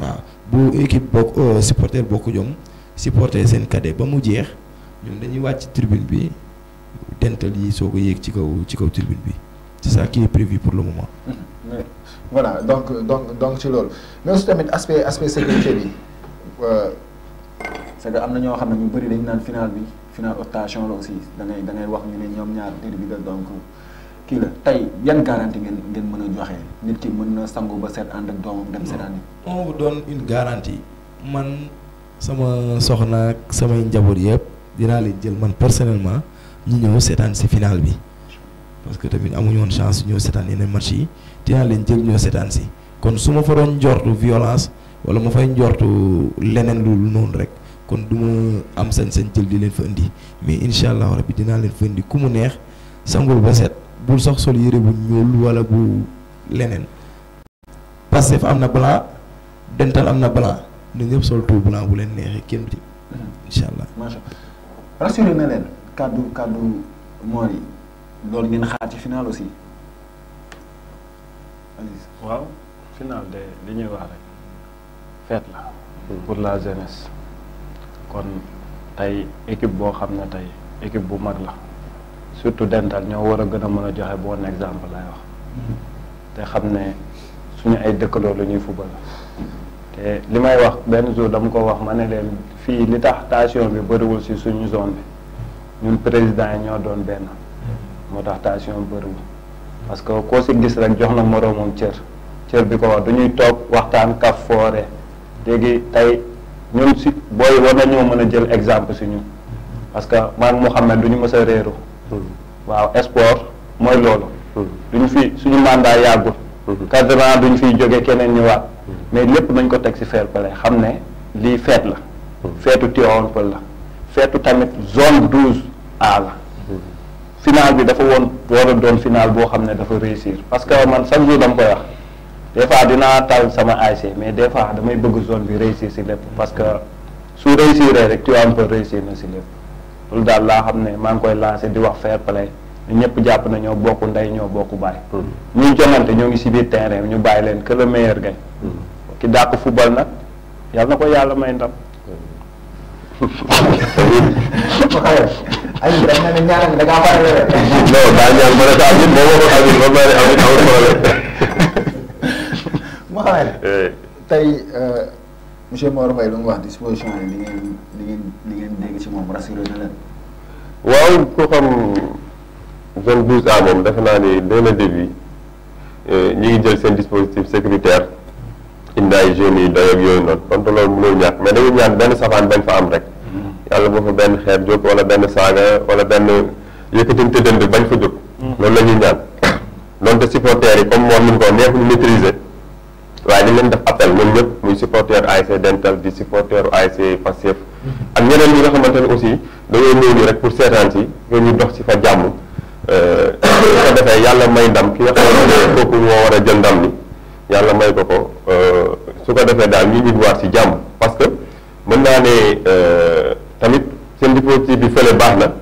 waaw bu équipe bokk euh, supporter bokk jom supporter seen cadet ba mu jeex ñun dañuy wàcc tribune bi dental yi soo ko yéeg ci kaw ci kaw tribune bi c'est ça qui est prévu pour le moment. Mm-hmm. voilà donc donc donc ci loolu mais aussi tamit aspe aspect sécurité bi euh, c'est que am na ñoo xam ne ñu bëri dañu naan final bi final optation la aussi da ngay da ngay wax ñu ne ñoom ñaar derby la donc. kii la tey yan garantie ngeen ngeen mën a joxe nit ki mën na sangu ba seet ànd ak doomam dem seetaan yi. moo doon une garantie man sama soxna ak samay njaboot yëpp dinaa leen jël man personnellement ñu ñëw seetaan si final bi parce que tamit amuñu woon chance ñëw seetaan yeneen match yi dinaa leen jël ñëw seetaan si kon su ma fa doon njortu violence wala ma fay njortu leneen lu noonu rek kon du ma am sañ-sañ jël di leen fa indi mais incha allah rabbi dinaa leen fa indi ku mu neex sangul ba seet. bul sox sol yére bu ñuul wala bu leneen Pastef am na blanc dental am na blanc na ñëpp sol tout blanc bu leen neexee kenn ci incha allah. allah rassuré na leen kàddu kàddu moor yi loolu ngeen xaar ci final aussi. waaw final de li ñuy wax rek fête la. pour la jeunesse. kon tey équipe boo xam ne tey équipe bu mag la. surtout dental ñoo war a gën a mën a joxe bon exemple lay wax mm-hmm. te xam ne suñu ay dëkkaloo lu ñuy fubal te li may wax benn jour dama ko wax ma ne leen fii li tax tension bi bëriwul si suñu zone bi ñun président yi ñoo doon benn mm-hmm. moo tax tension bi bëriwul parce que koo si gis rek jox na moroomam cër cër bi ko wax du ñuy toog waxtaan kaf foore léegi tey ñun si booy war ñoo mën a jël exemple suñu ñun parce que man Mouhamed du ñu mës a réeru Hmm. waaw sport mooy loolu hmm. duñu fi suñu mandat yàggul hmm. quatre ans duñu fiy jóge keneen ñëwaat mais lépp nañ ko teg ci fair play xam ne lii feet la feetu Tivaouane Peulh la feetu tamit zone douze A la final bi dafa woon war a doon final boo xam ne dafa réussir parce que man chaque jour dama koy wax des dinaa tal sama ASC mais des fois damay bëgg zone bi réussir ci lépp parce que su réussir rek Tivaouane Peulh réussir na ci lépp loolu daal laa xam ne maa ngi koy lancé di wax fair play ñëpp jàpp na ñoo bokk ndey ñoo bokk baay. Hmm. ñuy jongante ñoo ngi si biir terrain ñu bàyyi leen que le meilleur gagne. Hmm. ki dàq football nag yàlla na ko yàlla may ndam. ay dañ na ne ñaanal da ngaa pare rek. non daa ñaan ba ne ko amit boo ko amit ba pare amit amul problème. ma xamal eh. tey. Euh, monsieur Mor Mbaye lu mu wax disposition yi li ngeen li ngeen li ngeen dégg ci moom waaw ku xam zone 12A moom defe naa ni dès le début euh, ñu ngi jël seen dispositif sécuritaire indi ay jeunes yi doy ak yooyu noonu donte loolu mënul ñàkk mais dañu ñaan benn safaan benn fa am rek. Hmm. yàlla boo fa benn xeet jóg walla benn saaga wala benn yëkkatinte dënd bañ fa jóg. Hmm. loolu la ñuy ñaan donte supporters yi comme moom ñu ko neex ñu maîtriser. waaye dañ leen def appel ñoom ñëpp muy supporter ASC Dental di supporter ASC Pastef mm-hmm. ak ñeneen ñi nga xamante ne aussi dañoo ñëw nii rek pour seetaan si nga ñu dox si fa jàmm euh, ko defee yàlla may ndam ki nga xamante ne moo war a jël ndam li yàlla may ko ko euh, su ko defee daal ñu ñibbiwaat ci jàmm parce que mën naa ne euh, tamit seen dispositif bi fële baax na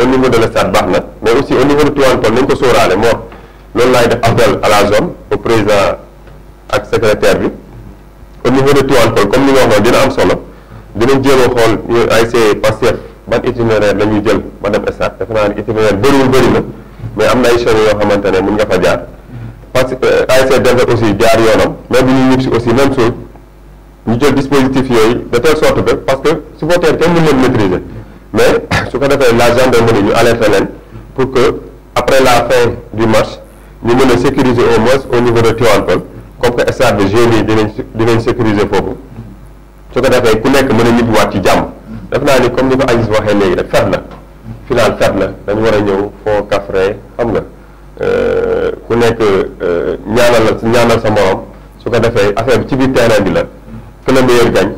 au niveau de l'État baax na mais aussi ni niveau de Tivaouane Peulh nañ ko sóoraale moo loolu laay def appel à la zone président ak secrétaire bi au niveau de Tivaouane Peulh comme ni nga wax dina am solo dinañ jéem a xool ñu ASC Pastef ban itinéraire la ñuy jël ba dem stade defe naa ne itinéraire bëriwul bëri na mais am na ay chemins yoo xamante ne mun nga fa jaar parce que euh, ASC e Defar aussi jaar yoonam même bi ñu ñib si aussi même chose ñu jël dispositif yooyu de telle sorte que parce que supporter kenn mën leen maîtriser mais su ko defee la gendarmerie ñu alerter leen pour que après la fin du match ñu mën a sécuriser au moins au niveau de Tivaouane Peulh comme que stade de jeu yi dinañ dinañ sécuriser foofu su ko defee ku nekk mën a ñibbiwaat ci jàmm def naa ni comme ni ko Aziz waxee léegi rek fet na final fet na dañu war a ñëw foo kafre xam nga euh, ku nekk euh, ñaanal ñaanal sa morom su ko defee affaire bi ci biir terrain bi la que le meilleur gañ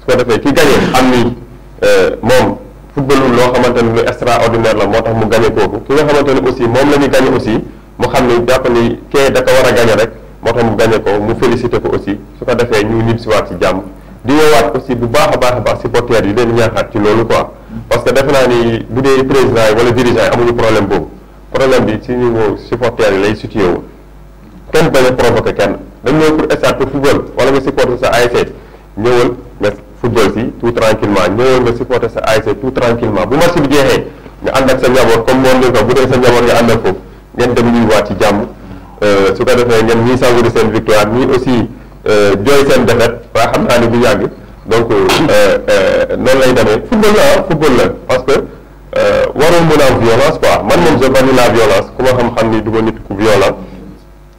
su ko defee ki gañee xam ni euh, moom footballul loo xamante ne lu extraordinaire la moo tax mu gañe kooku ki nga xamante ne aussi moom la ñu gañe aussi mu xam ni jàpp ni kee da ko war a gañe rek moo tax mu gagné ko mu félicité ko aussi su ko defee ñu ñibbisi waat ci jàmm di woowaat aussi bu baax a baax a baax supporters yi leen ñaaxaat ci loolu quoi parce que defe naa ni bu dee président yi wala dirigeant yi amuñu problème boobu problème bi ci niveau supporters yi lay situé wu kenn bañ a provoqué kenn dañ ñëw pour stade pour football wala nga supporter sa ASC ñëwal nga football si tout tranquillement ñëwal nga supporter sa ASC tout tranquillement bu match bi jeexee nga ànd ak jàmm Euh, su ko defee ngeen ñuy savouré seen victoire ñii aussi euh, jooy seen défaite waa xam naa ni bu yàgg donc euh, noonu lay demee football la football la parce que warul mën a am violence quoi man moom je bannis la violence ku ma xam-xam ni du ma nit ku violent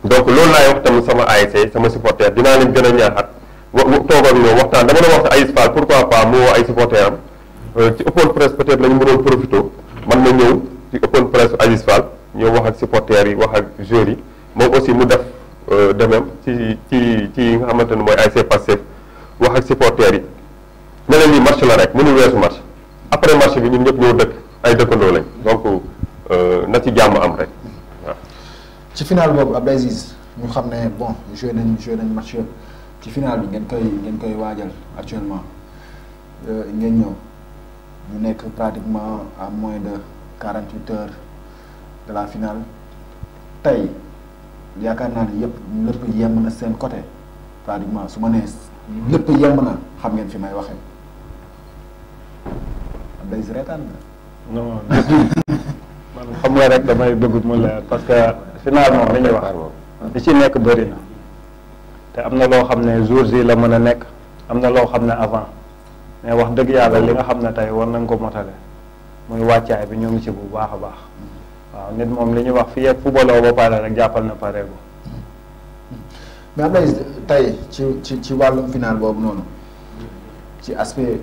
donc loolu laay wax tamit sama ASC sama supporter dinaa leen gën a ñaaxat wa toog ak ñoom waxtaan dama doon wax sa Aïs Fall pourquoi pas mu woo ay supporter am ci open presse peut-être lañu mënoon profité man ma ñëw ci open presse Aïs Fall ñëw wax ak supporter yi wax ak joueurs yi moom aussi mu def euh, de même ci ci ci nga xamante ne mooy ASC Pastef wax ak supporters yi ne leen lii match la rek mënul weesu match après match bi ñun ñëpp ñoo dëkk ay dëkkandoo lañ donc euh, na ci jàmm am rek ci final boobu Abdou Aziz ñu xam ne bon joué nañ joué nañ match ci final bi ngeen koy ngeen koy waajal actuellement euh, ngeen ñëw ñu nekk pratiquement à moins de quarante huit heures de la finale tey. yaakaar naa ne yëpp lépp yem na seen côté pratiquement su ma nee lépp yem na xam ngeen fi may waxee am day xam nga rek damay bëgg mu leer parce que finalement li ñuy wax li ci nekk bëri na te am na loo xam ne jours yi la mën a nekk am na loo xam ne avant mais wax dëgg yàlla li nga xam ne tey war nañ ko motale muy wàccaay bi ñu si bu baax a baax waaw nit moom li ñuy wax fii ak footballoo ba pare rek jàppal na pareegu. mais Ablaye tey ci ci ci wàllum final boobu noonu ci aspect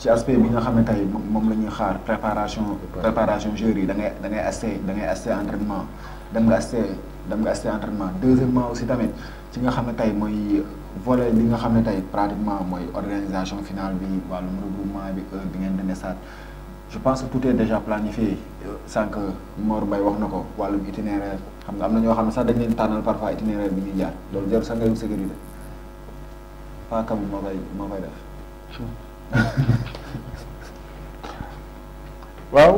ci aspect bi nga xam ne tey moom la ñuy xaar préparation préparation joueurs yi da ngay da ngay assister da ngay assister entraînement dem nga assister dem nga assister entraînement deuxièmement aussi tamit ci nga xam ne tey mooy volet li nga xam ne tey pratiquement mooy organisation finale bi wàllum regroupement bi heure bi ngeen demee saat je pense que tout est déjà planifié sànq Mor Mbaye wax na ko wàllum itinéraire xam nga am na ñoo xam ne sax dañ leen tànnal parfois itinéraire bi ñuy jaar loolu jarul sax nga yóbbu sécurité paaka bi moo koy moo koy def. waaw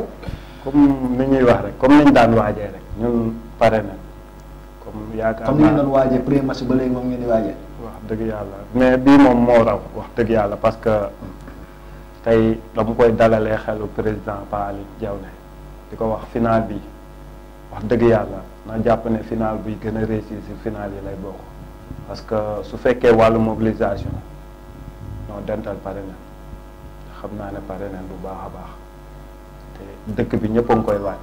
comme ni ñuy wax rek comme ni daan rek ñun na comme comme match ba ngeen di wax mais raw wax parce que. Hmm. tey dama koy dalalee xelu président Palick Diawne li ko wax final bi wax dëgg yàlla na jàpp ne final buy gën a réussir si final yi lay bokk parce que su fekkee wàllu mobilisation non dental pare na xam naa ne pare na bu baax a baax te dëkk bi ñëpp a koy waaj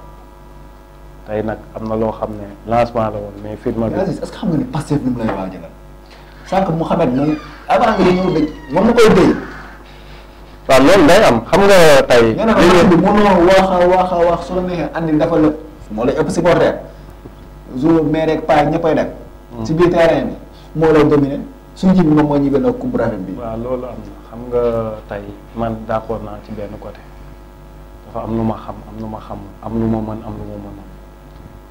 tey nag am na loo xam ne lancement la woon mais firma bi. est que xam nga ni Pastef ni mu lay waajal sànq Mouhamed moom avant nga ñëw moom koy dégg. waaw loolu day am xam nga tey. li ñu mënoo wax a wax a wax su la neexee moo lay ëpp supporter jour mais rek paa ñëppay nekk. ci hmm. biir terrain bi moo lay dominer suñu ji bi moom moo ñibbee nag coupe rafet bi. waa loolu am na xam nga tey man d'accord naa ci benn côté dafa am lu ma xam am lu ma xam am lu ma mën am lu ma mën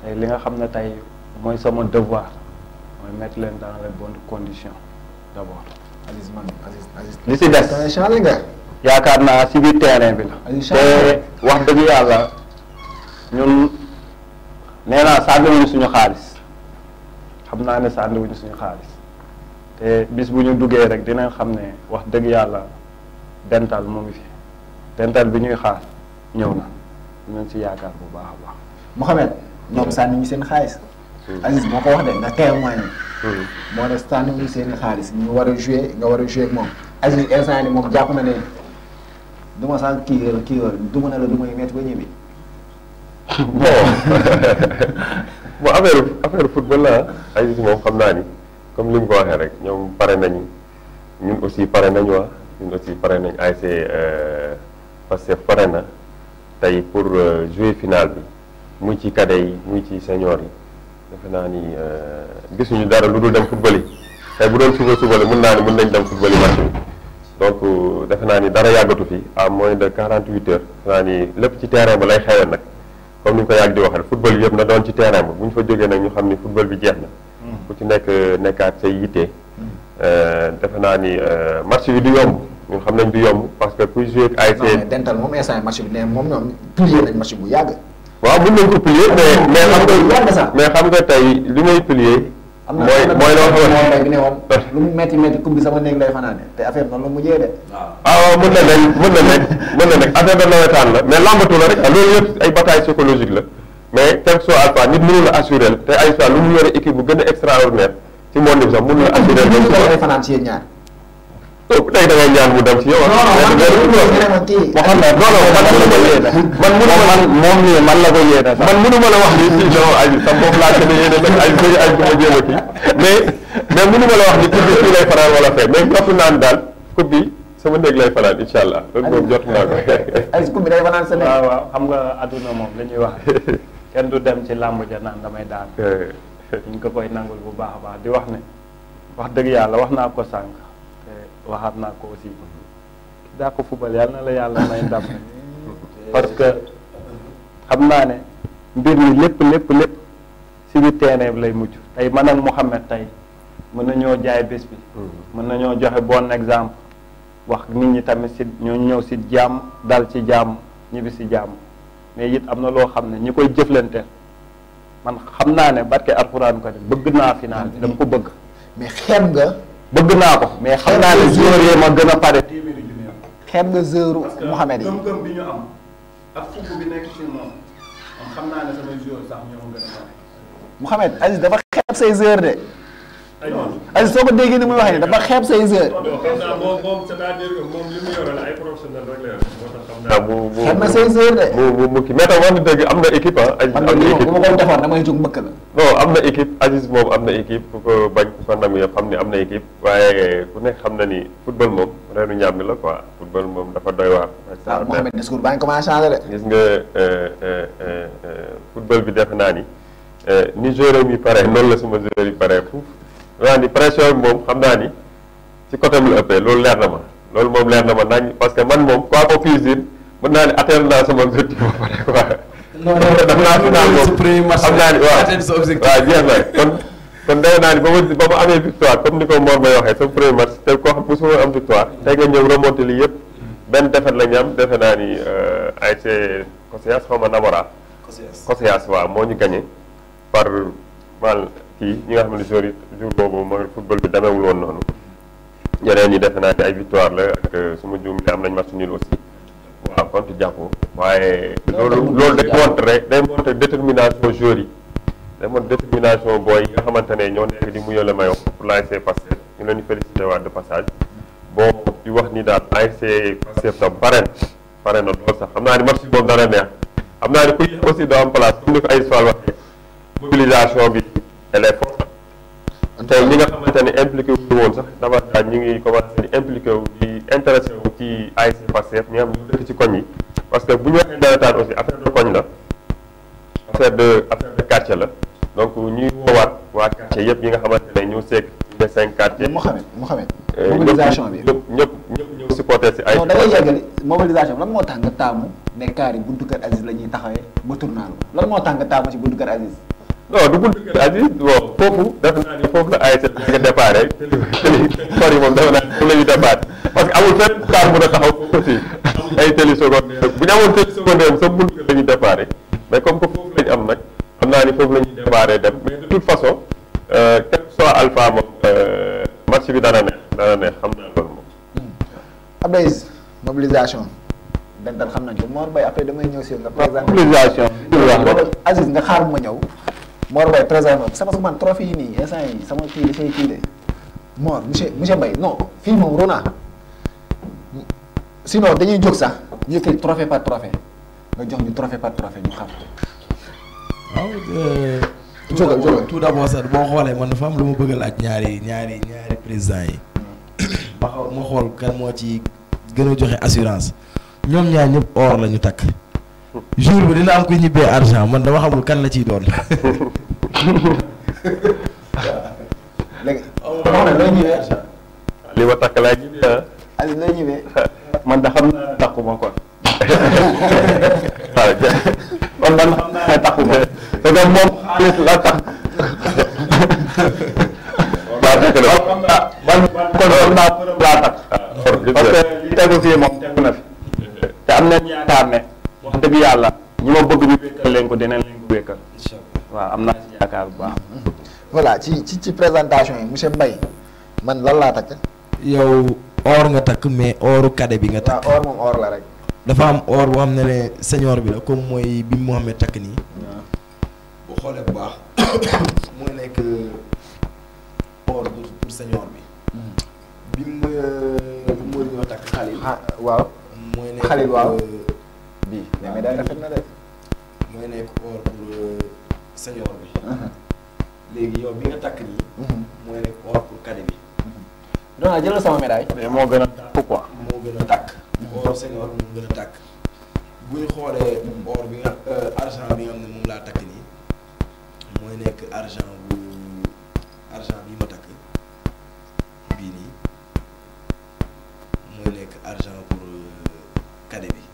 tey li nga xam ne tey mooy sama devoir mooy mettre leen dans les condition conditions d'abord. Aziz man Aziz Aziz. li si des. يا كارنا سيبيت يا نبيلا واحد بيجي على نون نينا ساعدوا من سنو خالص خبنا أنا ساعدوا من سنو خالص بس بنيو دوجي رك دينا خبنا واحد بيجي على دنتال مو مفي دنتال بنيو خالص نيونا نون سيا كارو باه باه محمد نوم ساعدوا من سنو خالص أليس بقى واحد نتاعه ماي مارستان من سنو خالص نوارو جوي نوارو جوي مم أليس إنسان مم جاكم أنا du ma sànq kii yooyu kii yooyu du ma ne la du may métti ba ñibbi. bon bon affaire affaire football la ay moom xam naa ni comme li mu ko waxee rek ñoom pare nañu ñun aussi pare nañu wa ah. ñun aussi pare nañu ASC euh, Pastef pare na tey pour euh, jouer final bi muy ci cadet yi muy ci senior yi defe naa ni euh, gisuñu dara lu dul dem football yi tey bu doon suba suba la mën naa ni mën nañ dem football yi match donc euh, defe naa ni dara yàggatu fi à moins de 48 heures defe ni lépp ci terrain ba lay xewee nag comme ni ñu ko yàgg di waxal football bi yëpp na doon ci terrain ba bu ñu fa jógee nag ñu xam ni football bi jeex na. Hmm. ku ci nekk euh, nekkaat say yitte. Hmm. Euh, defe naa ni match bi du yomb ñun xam nañ bi yomb parce que kuy joué ak ASC. non mais dental moom instant match bi nee moom ñoom plié waaw mën mais mais xam nga tey li may plié. am na mooy mooy loo xamante bi ne woon lu mu métti métti coupe bi sama néeg lay fanaane te affaire noonu la mujjee de. Ah, waaw waaw mën na nekk mën na nekk la mais lambatu la rek ah, loolu yëpp ay bataille la mais quel que soit alpha nit mënul a assuré te ay lu mu yore équipe bu gën a extraordinaire ci monde bi sax mënul a assuré. loolu ci ñaar. tey da ngay ñaan mu dem si yow. non non man la ko yéene man mënu ma la wax ni si non ay sa bopp laa ko yéene nag ay bëri ay bu ma jéem a kii mais mais mënu ma la wax ni coupe bi fii lay faral wala fee mais jot naan daal coupe bi sama néeg lay faral incha allah loolu moom jot naa ko. ay coupe bi day fanaan sa néeg. waaw waaw xam nga adduna moom la ñuy wax kenn du dem ci làmb ja naan damay daan. Eh. ñu ko koy nangul bu baax a baax di wax ne wax dëgg yàlla wax naa ko sànq waxaat naa ko aussi daa ko fubal yàlla na la yàlla may ndam parce que xam naa ne mbir mi lépp lépp lépp si biir terrain bi lay mujj tey man xam ne tey mën nañoo jaay bés bi mm-hmm. mën nañoo joxe bon exemple wax nit ñi tamit si ñoo ñëw si jàmm dal ci jàmm ñibbi si jàmm mais it am na loo xam ne ñi koy jëflante man xam naa ne barke alxuraan ko bëgg naa final bi dama ko bëgg mais xem nga bëgg naa ko mais xam naa ne joueur ma gën a pare. xeeb nga joueur Mouhamed yi. gëm naa ne samay joueur sax ñoo ma a pare. Mouhamed Aziz say joueur de. Aziz soo ko déggee ni muy waxee ne dafa xeeb say heures. xam ah, na say heures mu mu mu kii mais tam dëgg am na équipe ah. am na équipe man bu ma damay jóg mbëkk la. non am na équipe Aziz moom am na équipe ku ko bañ yëpp xam ni am na équipe waaye ku nekk xam na ni football moom reenu ñaam bi la quoi football moom dafa doy waar. waaw ah, Mouhamed discours baa ngi commencé changé de. gis nga euh, euh, euh, football bi def naa ni ni joueur pare noonu la suma joueur yi pare foofu. naa ni pression bi moom xam naa ni ci côté bi la loolu leer na ma loolu moom leer na ma nañ parce que man moom quoi ko puisse mën naa ni atteindre naa sama objectif ba pare quoi. non non xam naa ni waaw waaw jeex na kon kon defe naa ni ba ma amee victoire comme ni ko Mor may waxee sama premier match te koo xam am victoire tey nga ñëw remonté lii benn defet la ñu am defe naa ni euh, ay c'est Kosias xaw ma Namora. Kosias Kosias waaw moo ñu gagné par mal. ci ñi nga xam ne jour jour boobu mooy football bi demeewul woon noonu ñeneen ñi defe naa ne ay victoire la ak euh, su ma juumee am nañ match nul aussi waaw kon tu jàppoo waaye loolu loolu day montre rek day montre détermination joueurs yi day montre détermination booy yi nga xamante ne ñoo nekk di muyal a mayoo pour l'ASC Pastef ñu leen di félicité waat de passage wax ni daal ASC Pastef tam pare na pare na loolu naa ni match bi boobu dara neex xam naa ni ku yéex aussi doo am place mobilisation bi téléphone tey ñi nga xamante ne impliqué wu woon sax davantage ñu ngi commencé di impliqué wu di intéressé wu ci ASC Pastef ñi nga xam ñu dëkk ci koñ yi parce que bu ñu waxee nawetaan aussi affaire de koñ la affaire de affaire de quartier la donc ñuy woowaat waa quartier yëpp yi nga xamante ne ñu seeg les cinq quartiers Mouhamed Mouhamed eh, mobilisation bi ñëpp ñëpp ñëpp ñëw supporté si ay non da ngay yeggali moo tax nga taamu ne kaar yi buntu kër Aziz la ñuy taxawee ba tournal lan moo tax nga taamu si buntu kër non du gudd kër Aziz bon foofu def naa ni foofu la ASC nga départ rek tëli sori moom def naa ni foofu la ñu départ parce que amul fenn kaar mën a taxaw foofu aussi ay tëli secondaire bu ñu amoon tëli secondaire sa bunt kër la ñu départ mais comme que foofu la ñu am nag xam naa ni foofu la ñuy départ dem mais de toute façon euh, quel que soit alpha moom euh, match bi dana neex dana neex xam naa loolu moom. Ablaye mobilisation. benn dal xam nañ ko Mor Mbaye après damay ñëw si nga présenté mobilisation. Aziz nga xaar ma ñëw. Mor Mbaye trésor moom c'est man trophée yi nii instant yi sama kii dafay kii de Mor monsieur monsieur Mbaye non fii moom Rona sinon dañuy jóg sax ñu yëkkati trophée par trophée nga jox ñu trophée par trophée ñu xam. waaw. jógal jógal tout d'abord sax boo xoolee man dafa am lu ma bëgg a laaj ñaari ñaari ñaari présidents yi. ba xaw ma xool kan moo ci gën a joxe assurance ñoom ñaar ñëpp or la ñu takk. jour bi dina am ku ñibbee argent man dama xamul kan la ciy doon. léegi. li ma takk laa ñëwee ah. Aliou da xam naa takkuma kon. waaw kon man xam naa ne takkuma. moom xaalis man man kon laa tax. Ah, parce li tegu fii moom tegu na fi. te am na wax dëgg yàlla ñi ma bëgg ñu wékkal leen ko dinañ leen ko wékkal waaw am naa si yaakaar bu baax voilà ci ci ci présentation yi monsieur Mbaye man lan laa takk yow or nga takk mais oru cadet bi nga takk or moom or la rek dafa am or boo xam ne ne seigneur bi la comme mooy bi Mouhamed takk nii bu xoolee bu baax mooy nekk or bu seigneur bi hmm. bi mu bi mu ñoo takk xalil waaw mooy nekk xalil waaw bii. waaw mais daal rafet na de. mooy nekk or pour euh, senior bi. Uh-huh. léegi yow bi nga takk nii. Uh-huh. mooy nekk or pour cadet bi. non uh-huh. non jëlal sama médaille. mais moo gën a tàkk quoi. moo gën a tàkk. or senior moo gën a tàkk. bu ñu xoolee or bi nga euh, argent bi nga xam ne laa takk nii mooy nekk argent bu argent bi ma takk bii nii mooy nekk argent pour euh, cadet bi.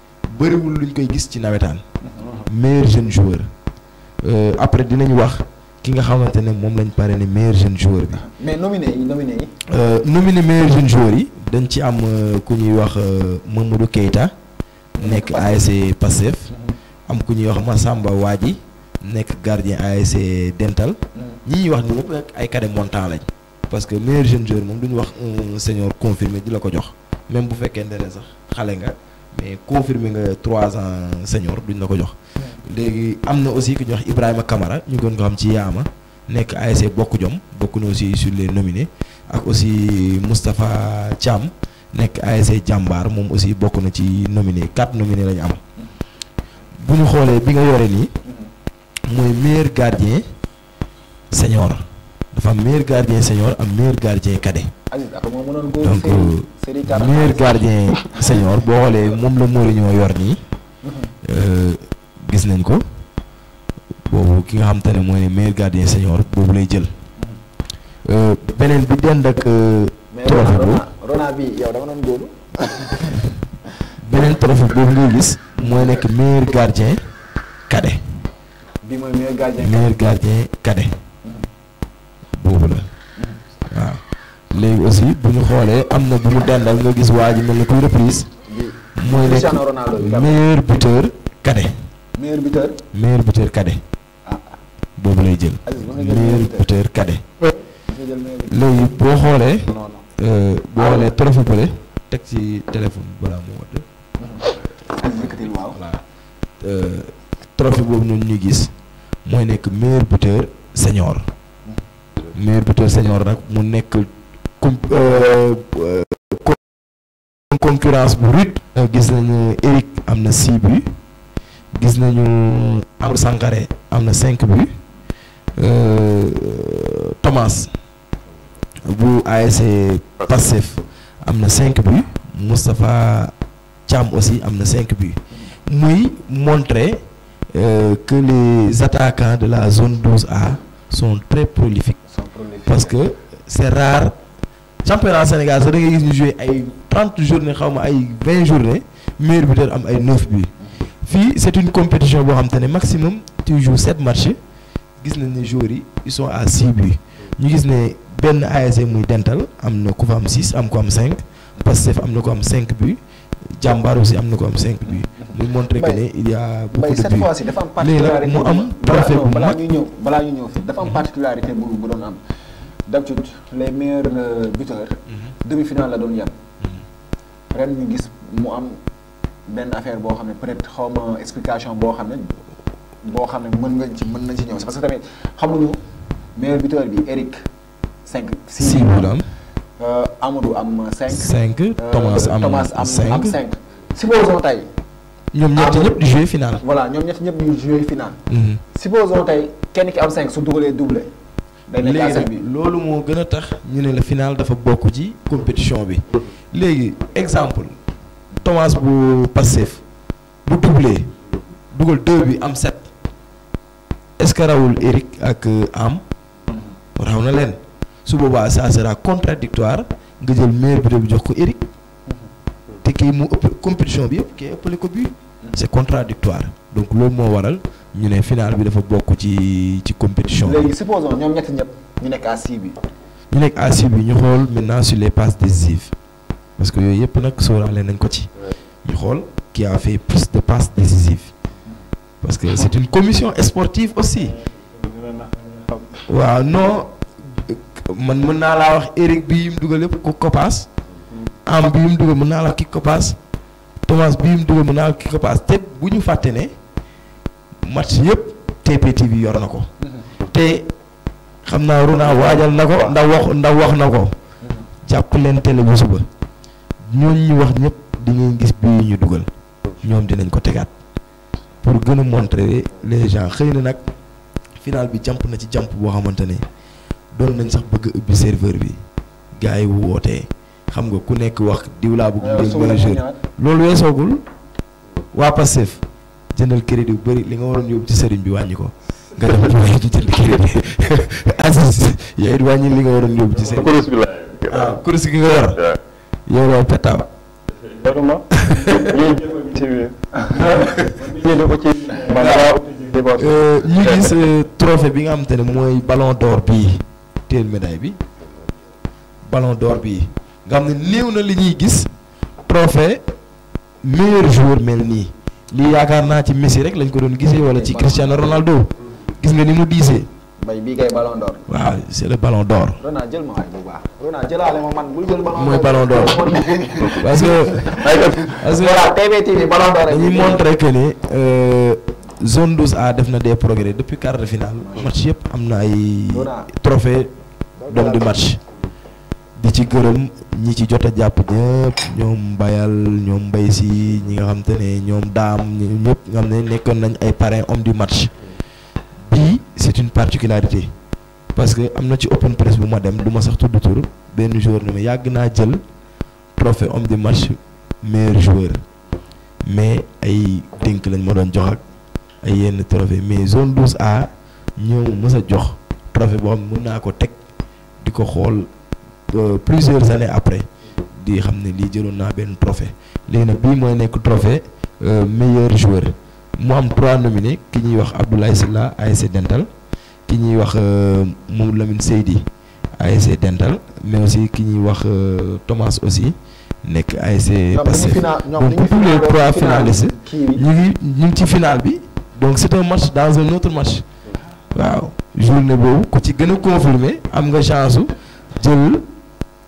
bëriwul luñ koy gis ci nawetaan meilleur jeune joueur euh, après dinañ wax ki nga xamante mom lañ paré né meilleur jeune joueur bi. mais nominé yi nominé yi. Euh, nominé meilleur jeune joueur yi. dañ ci am euh, ku ñuy wax euh, Mamadou Keita nek ASC Passef am ku ñuy wax Massamba Wadi nek gardien ASC Dental. ñi ñuy wax ni ñëpp ay cadre montant lañ. parce que meilleur jeune joueur mom duñ wax un senior confirmé di la ko jox même bu fekkee ndere sax xale nga. mais confirmé nga trois ans senior duñ la ko jox. léegi am na aussi ku ñuy wax Ibrahima kamara ñu gën ko xam ci Yaama nekk ASC Bokk Jom bokk na aussi sur les nominés ak aussi Moustapha Thiam nekk ASC Jàmbaar moom aussi bokk na ci nominé quatre nominés la ñu am bu ñu xoolee bi nga yore nii mooy meilleur gardien senior dafa am meilleur gardien senior am meilleur gardien cadet. Aziz ak moo mënoon góor donc euh, meilleur gardien senior boo xoolee moom la Mourinho yor nii mm-hmm. euh, gis nañ ko boobu ki nga xam te ne mooy ne meilleur gardien senior boobu lay jël mm-hmm. euh, beneen bi dend ak trophée boobu beneen trophée boobu ngay gis mooy nekk meilleur gardien cadet bi mm-hmm. boobu la waaw léegi aussi bu ñu xoolee am na bu ñu dendal nga gis waa ji mel ni kuy reprise. mooy nekk meilleur buteur cadet. meilleur buteur. meilleur buteur cadet. Ah. boobu lay jël. meilleur buteur cadet. léegi boo xoolee. Euh, boo xoolee trophée bële teg ci téléphone balaa mu wadd voilà euh, trophée boobu noonu ñuy gis mooy nekk meilleur buteur senior. Hmm. meilleur buteur senior nag mu nekk. Euh, euh, concurrence brute. Euh, Eric a 6 buts. Nous Sangare a 5 buts. Thomas, a 5 buts. Mustafa Cham aussi a 5 buts. Nous montrer euh, que les attaquants de la zone 12A sont très prolifiques. Parce que c'est rare championnat Sénégal sax da ngay 30 jours, ay 20 journées, meilleur buteur am ay 9 buts C'est une compétition boo xam te maximum tu joues 7 matchs gis nañ joueurs ils sont à 6 buts ñu gis ne dental am na 6 am ko am 5 Pastef am na 5 buts Jàmbaar aussi am 5 buts. muy montré que y a beaucoup de buts. cette fois ci dafa am particularité am. particularité d'habitude les meilleurs euh, buteurs. Mhm. demi-finale la donne yem. Mhm. ren ñu gis mu am ben affaire bo xamné peut-être xaw explication bo xamné bo xamné xam mën nga ci mën nañ ci ñëw parce que tamit xamuñu meilleur buteur bi Eric. 5 6 mu euh Amadou am 5. 5 euh, Thomas am 5 am 5. supposons tay ñom ñet ñep di jouer final. voilà ñom ñet ñep di jouer final. Mhm. supposons tay kenn ki am 5 su dugalee doublé léegi nag loolu moo gën a tax ñu ne la final dafa bokk ci compétition bi léegi exemple Thomas bu Pastef bu doublé dugal deux bi am sept est-ce que Raoul Eric ak euh, Am raw na leen su boobaa ça sera contradictoire nga jël meilleur buteur bi jox ko Eric te kii mu ëpp compétition bi yëpp kii ëppale ko bii c'est contradictoire donc loolu moo waral ñu né final bi dafa bokk ci ci compétition bi. supposons ñom ñet ñep ñu nekk à six bi. ñu nekk à bi ñu xol maintenant sur les passes décisives parce que yooyu yëpp nag sóoraale nañ ko ci. ñu xol qui a fait plus de passes décisives parce que c'est une commission sportive aussi. waaw non man mën naa laa wax Eric bi yim dugal yëpp ko kopaas. am bi yim dugal mën naa la wax ki kopaas. Thomas bi yim dugal mën naa la wax ki te bu ñu fàtte ne. match yëpp TPTV yor na ko. te xam naa Runa waajal na ko ndax wax ndax wax na ko. jàpp leen télé bu suba ñooñu ñu wax ñëpp di gis bii ñu dugal. ñoom dinañ ko tegaat. pour gën a montrer les gens xëy na nag final bi jàmp na ci jàmp boo xamante ne doon nañ sax bëgg a ubbi serveur bi gars yi wootee xam nga ku nekk wax diw laa bëgg. loolu weesoogul waa Pastef jëndal crédit bu bëri li nga waroon yóbbu ci sëriñ bi wàññi ko nga dem ci wàññi ci jënd crédit Aziz yow it wàññi li nga waroon yóbbu ci sëriñ bi waaw ah, kuréel gi nga war yow loolu petaaw jaruma euh, ñu gis euh, trophée bi nga xam te ne mooy ballon d'or bii téel médaille bi ballon d'or bii nga xam ne néew na li ñuy gis trophée meilleur joueur mel nii lii yaakaar naa ci Messi rek lañ ko doon gisee wala ci Cristiano Ronaldo gis nga ni mu diisee. mbay bii kay ballon waaw c'est le ballon d'or. jël ma waay bu baax. Rona jëlaale mooy ballon d'or parce que. parce que voilà TVTV ballon d'or dañuy montrer que euh, zone 12A def na des progrès depuis quart de finale match yëpp am na ay trophée d'homme du match. di ci gërëm ñi ci jot a jàpp ñëpp bayal ñoom mbay si ñi nga xam te ne ñoom daam ñëpp nga xam ne nañ ay parrain homme du match bii c'est une particularité parce que amna ci open press bu ma dem duma sax tuddu tur benn joueur ni ma yàgg naa jël trophée homme du match meilleur joueur mais ay denk lañ ma don jox ak ay yenn trophée mais zone 12A ñeu mësa jox trophée bo xam mën ko tek diko xol euh, plusieurs années après di xamné li jëlon na ben trophée léegi bi mo nek nekk trophée euh, meilleur joueur mo am trois nominés ki ñi wax Abdoulaye Silla ASC Dental ki ñi wax euh, Mamadou Lamine Seydi ASC Dental mais aussi ki ñi wax Thomas aussi nek ASC passé. donc tous les trois finalistes ñi ngi ñu ci final bi donc c'est un match dans un autre match waaw journée beau, ku ci gëna confirmer confirmé am nga chance jël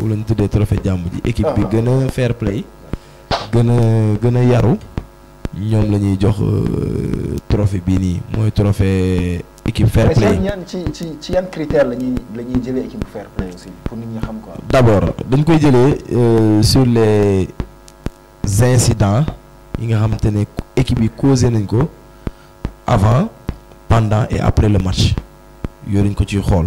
bu leen tuddee trophée jàmm ji équipe bi gën fair play gën a gën a yaru ñoom la jox euh, trophée bi ni moy trophée équipe fair play ñaan ci ci ci yan critère lañuy lañuy jëlé équipe fair play aussi pour nit ñi xam quoi. d'abord dañ koy jëlé euh, sur les incidents yi nga xamante ne équipe bi causé nañ ko avant pendant et après le match yoriñ ko ci xol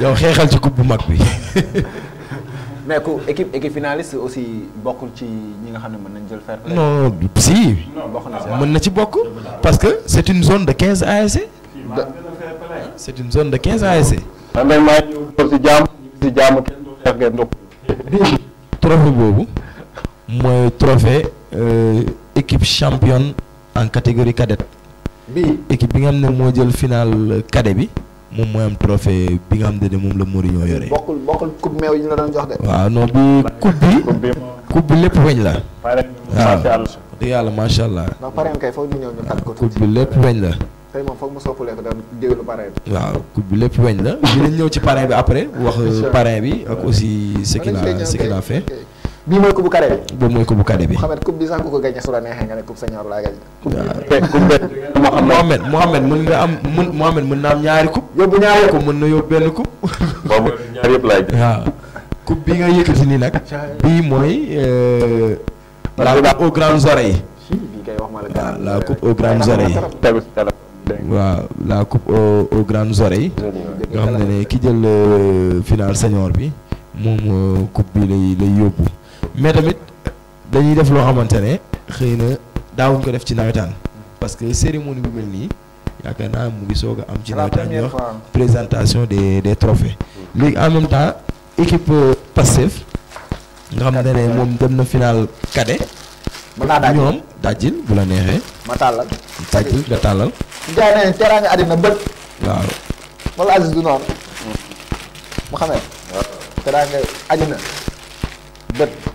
yow xeexal ci coupe du mag mais ku équipe équipe finaliste aussi bokkul ci ñi nga xam ne mën faire. jël Non, play. non si. mën na ci bokk. parce que c'est une zone de 15 ASC. C'est une zone de 15 ASC. man de maa ngi ñëw si jàmm si jàmm kenn du xeex ngeen dox. trophée boobu trophée euh, équipe championne en catégorie cadette. bi équipe bi nga xam ne jël final cadet bi. moom mooy am trophée bi nga xam ne moom la Mourinho yore. bokkul bokkul coupe meew yi ñu la doon jox de. waaw non bi coupe bi coupe bi lépp weñ la. waaw dëgg yàlla macha allah. ndax pareem kay foog ñu ñëw bi lépp weñ la. tey moom foog mu soppalee ko dem déglu bi. waaw ñëw ci parrain bi après. wax parrain bi ak aussi ce qu'il a bii mooy coupe cadet bi. boobu mooy coupe cadet bi. Mouhamed bi sax ku ko gagné su la neexee nga ne coupe senior laa gagné. waaw mën nga am mën Mouhamed mën mën na yóbbu benn coupe. boobu ñaar bi nga yëkkati nii nag. bii mooy. Euh, la coupe aux grandes oreilles. waaw la coupe aux grandes oreilles. waaw la coupe aux grandes nga ne ne ki jël euh, final senior bi euh, lay yóbbu. mais tamit dañuy def loo xamante ne xëy na daawuñ ko def ci nawetaan parce que cérémonie bu mel nii yaakaar naa mu ngi soog a am ci nawetaan ñu wax présentation des des trophées léegi en même temps équipe euh, Pastef nga xamante ne moom dem na final cadet mën naa daajil ñoom daajil bu la neexee. ma tàllal. daajil nga tàllal. Ndiaye nee na teraanga àddina bët. waaw. wala Aziz du noonu. mu xamee. waaw teraanga àddina bët.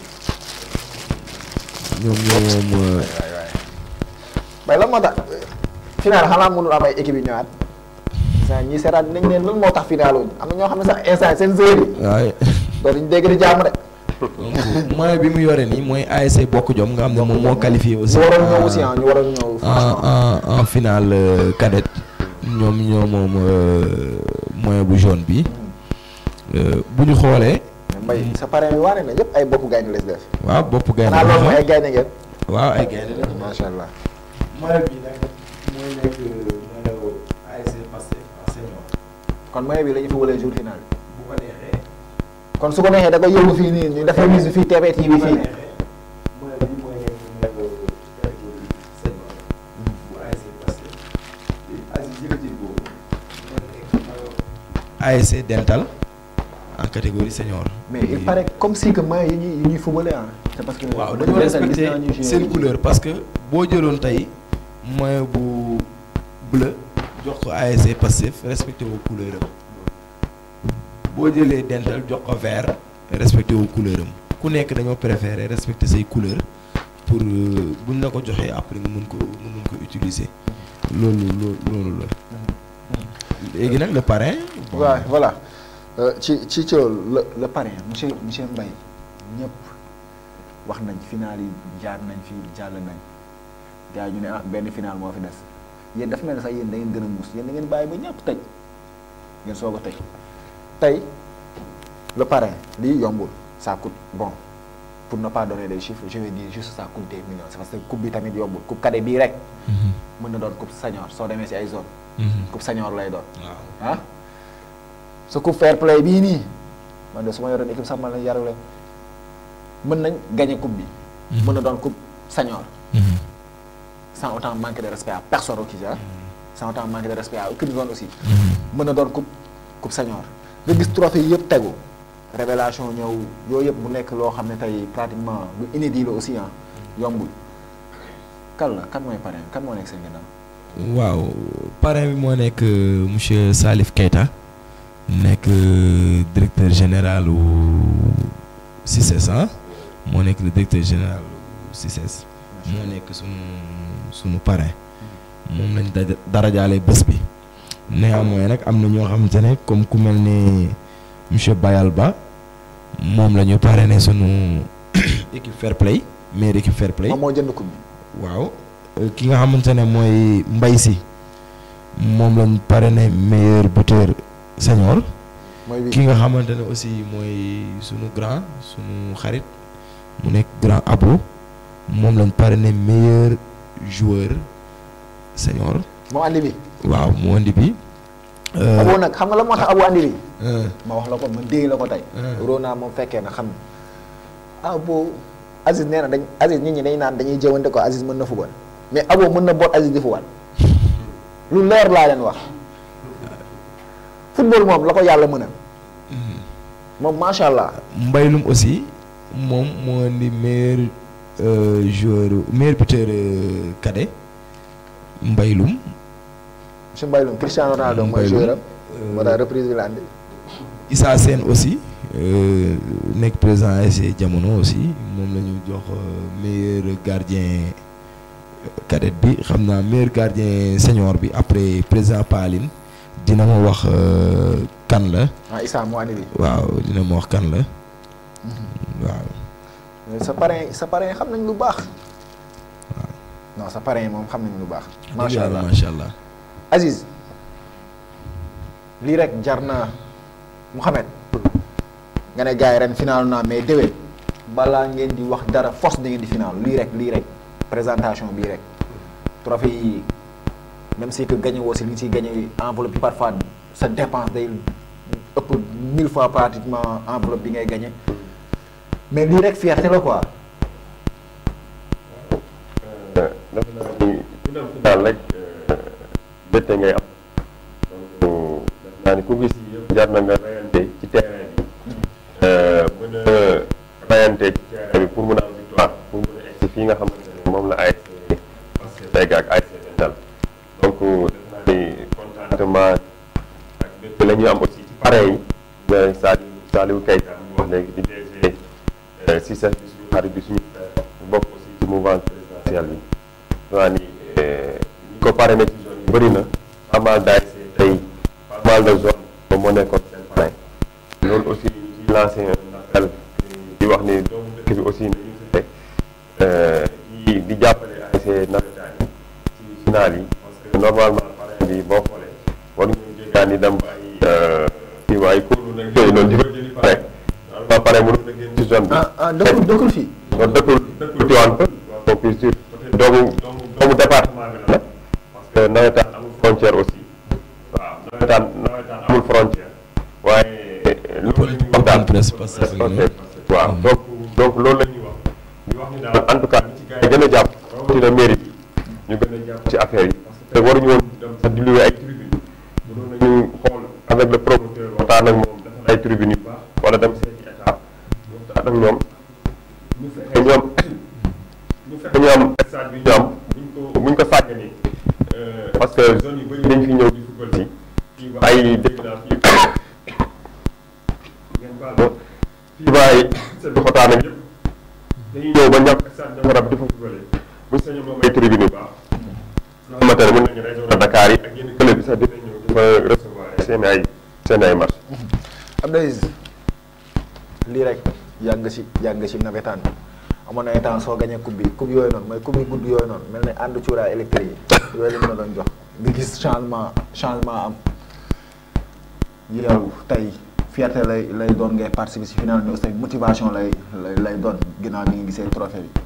ñoom ñoom. waay waay mais lan moo tax final xanaa mënul am équipe yu ñëwaat. instant ñii seeraat nañ leen lan moo tax final wuñ am na ñoo xam ne sax instant seen joueur yi. waaye. dootuñu dégg di jàmm rek. moyen bi mu yore nii mooy ASC Bokk Jom nga xam ne moom moo qualifié aussi. ñu waroon ñëw aussi ah, ñu waroon ñëw. en euh, ñoom ñoo moom euh, bu jaune bi. Euh, bu ñu xoolee. mbay sa parrain bi waane na yëpp ay bopp gaynde les def. waaw bopp gaynde la loolu mooy ay gaynde waaw ay gaynde la macha allah. maillot kon su ko neexee da koy yóbbu fii nii ñu dafa mise fii TV TV fii. ASC Dental. en catégorie senior. mais il paraît comme si que maillot yi ñuy yi ñuy hein. c'est parce que waaw dañoo respecté couleur parce que boo jëloon tey maillot bu bleu jox ko ASC Pastef respecté wu couleur couleurs. boo jëlee dental jox ko vert respecté wu couleurs. am ku nekk dañoo préféré respecter say couleurs pour euh, buñ la ko joxee après nga mun ko nga mun ko utiliser loolu loolu loolu mm-hmm. le parrain. waaw voilà. Euh, ci ci ci le le parrain monsieur monsieur mbay ñëpp wax nañ final yi jaar nañ fi jàll nañ gars ñu ne ah benn final moo fi des yéen dafa mel ne sax yéen da ngeen gën a muus yéen da ngeen bàyyi ba ñëpp tëj ngeen soog a tëj tey le parrain lii yombul ça coûte bon pour ne pas donner des chiffres je vais dire juste ça coûte des millions c'est que coupe bi tamit yombul coupe cadet bii rek. Mm-hmm. mën na doon coupe senior soo demee si ay zone mm-hmm. coupe senior lay doon. suku fair play bii nii man de su ma yoroon équipe sax man lañ yaru leen mën nañ gagné coupe bi. Mhm. mën na doon coupe senior. Mhm. sans autant manquer de respect à personne au mhm. de respect à aucune zone aussi. mën na doon coupe coupe senior. nga gis trophée yëpp tegu. révélation ñëw yooyu yëpp bu nekk loo xam ne tey pratiquement lu inédit la aussi ah yombul. kan la kan mooy parrain kan moo nekk seen ginnaaw. waaw parrain moo nekk euh, monsieur saalif kayta nekk directeur général u CICES ah moo nekk le directeur général u CICES moo nekk sunu sunu parrain moom lañ darajaale bés bi néanmoins nag am na ñoo xamante ne comme ku mel ni monsieur Bayalba, Ba moom la ñu sunu équipe fair play maire équipe fair play moo jënd ko waaw euh, ki nga xamante ne mooy si moom lañ parrainé meilleur buteur Seigneur, ki nga xamantene aussi moy sunu grand sunu xarit mu nek grand abo mom lañ parrainé meilleur joueur seigneur. mo andi bi waaw mo andi bi euh, abo nag xam nga la motax tax abo andi bi euh. ma wax la ko ma dégg la ko tay euh. Rona moom fekkee na xam ne abo Aziz nee dañ Aziz nit ñi dañ naan dañuy jëwante ko Aziz mën na fubal mais abo mën na Aziz di fubal lu leer la leen wax football la yalla mhm. aussi meilleur euh, joueur meilleur buteur euh, cadet Mbaylum. monsieur Mbaylum Cristiano Ronaldo meilleur joueur euh, aussi jamono aussi jox meilleur gardien cadet bi meilleur gardien senior bi après présent Paline. dina ma wax euh, kan la. ah Issa moo andi waaw dina ma wax kan la mhm. waaw. sa parrain sa parrain xam nañ lu baax. waaw non sa parrain moom xam nañ lu baax. macha allah macha allah. Aziz lii rek jar na Mouhamed. nga ne gars yi ren final naa mais déwén balaa ngeen di wax dara force da ngeen di final lii rek lii rek présentation bii rek trophée yi. même si que gagné woo si li si gagné enveloppe yi parfois sa dépense day ëpp mille fois pratiquement enveloppe bi ngay gagné mais lii rek fierté la quoi. dafa naa ni ku dem daal rek bette ngay am donc dafa naa ni ku gis yëpp jar na nga rayante ci terrain bi mën a rayante ci terrain bi pour mën a am victoire pour mën a egsi fii nga xamante ne moom la ASC Sega ak ASC Dental donc def naa ni am aussi ci pareil nga Saliou Saliou Keita wax léegi di DG euh, si sef bi suñu xarit bi suñu euh, bokk aussi ci mouvement présidentiel bi danaa euh, ni ko pare na ci zone yi bëri na pas mal daay tey pas mal de zone moo nekkoon seen pare loolu aussi ci appel di wax ni doomu dëkk bi aussi nañu fexe di jàppale ASC navétane ci final yi normalement parrain bi boo xoolee war ngeen jéggaan itam ay euh, kii waaye kuréel nag yooyu noonu di ko jëli parrain normalement parrain mënu na génn ci zone bi. ah ah fii. kon dëkkul doomu doomu département amul frontière waaye euh, lu mu la ñu kontaan changement am yow tey fierté lay lay doon ngay participer si final mais aussi motivation lay lay doon ginnaaw bi nga gisee trophée bi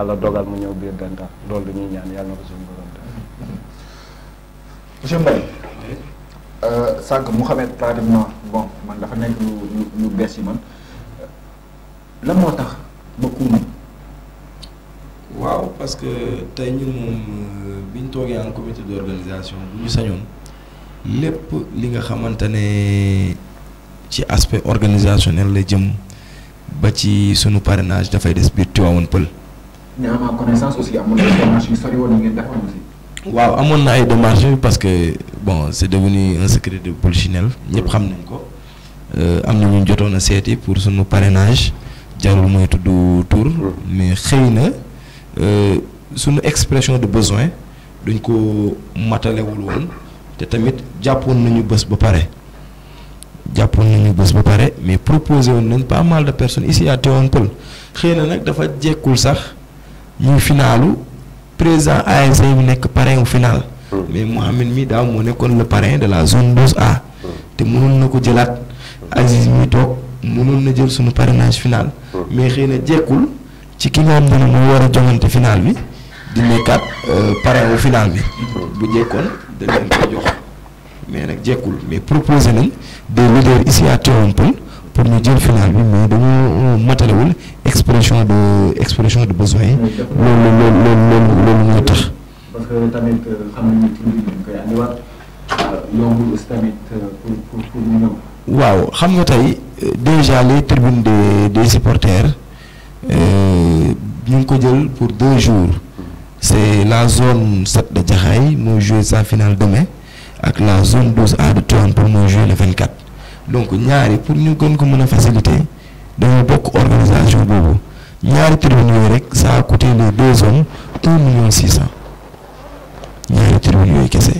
yàlla dogal mu ñëw biir Denta loolu la ñuy ñaan yàlla na ko suñu borom def. monsieur Mbaye euh, sànq Mouhamed pratiquement bon man dafa nekk lu lu bees yi man lan moo tax ba kuunu. waaw parce que tey ñun moom euh, bi ñu toogee en comité d'organisation bu ñu sañoon lépp li nga xamante ne ci aspect organisationnel la jëm ba ci sunu parrainage dafay des biir Tivaouane Peulh mais à ma connaissance aussi à mon histoire parce que bon c'est devenu un secret de polichinelle ko euh, nous ñu a pour son parrainage jarul tout doux tour mais rien euh, sur expression de besoin duñ ko matalewul woon te tamit nous nañu bés ba mais proposé pas mal de personnes ici à théon Paul. na présent à présent, à n'est nekk parrain au final. Hmm. mais Mohamed mi a moo nekkoon le parrain de la zone 12A. Hmm. te mënoon na ko Aziz mi toog mënoon na jël suñu parrainage final. Hmm. mais xëy na ci ki nga xam ne war a final bi di nekkaat euh, parrain au final bi. bu jox mais nag mais proposé des leaders ici à pour ñu jël final mais on dañoo euh, expression de expression de besoin le loolu parce que tamit euh, avons nañu déjà les tribunes des des supporters nous euh, ngi ko jël pour deux jours. c'est la zone 7 de Djahaï, nous jouons sa finale demain avec la zone 12A de Tivaouane pour nous jouer le 24. donc ñaari pour ñu gën ko mën a faciliter dañoo bokk organisation boobu ñaari tribune yooyu rek ça a coûté les deux hommes un million six cent ñaari tribune yooyu kese.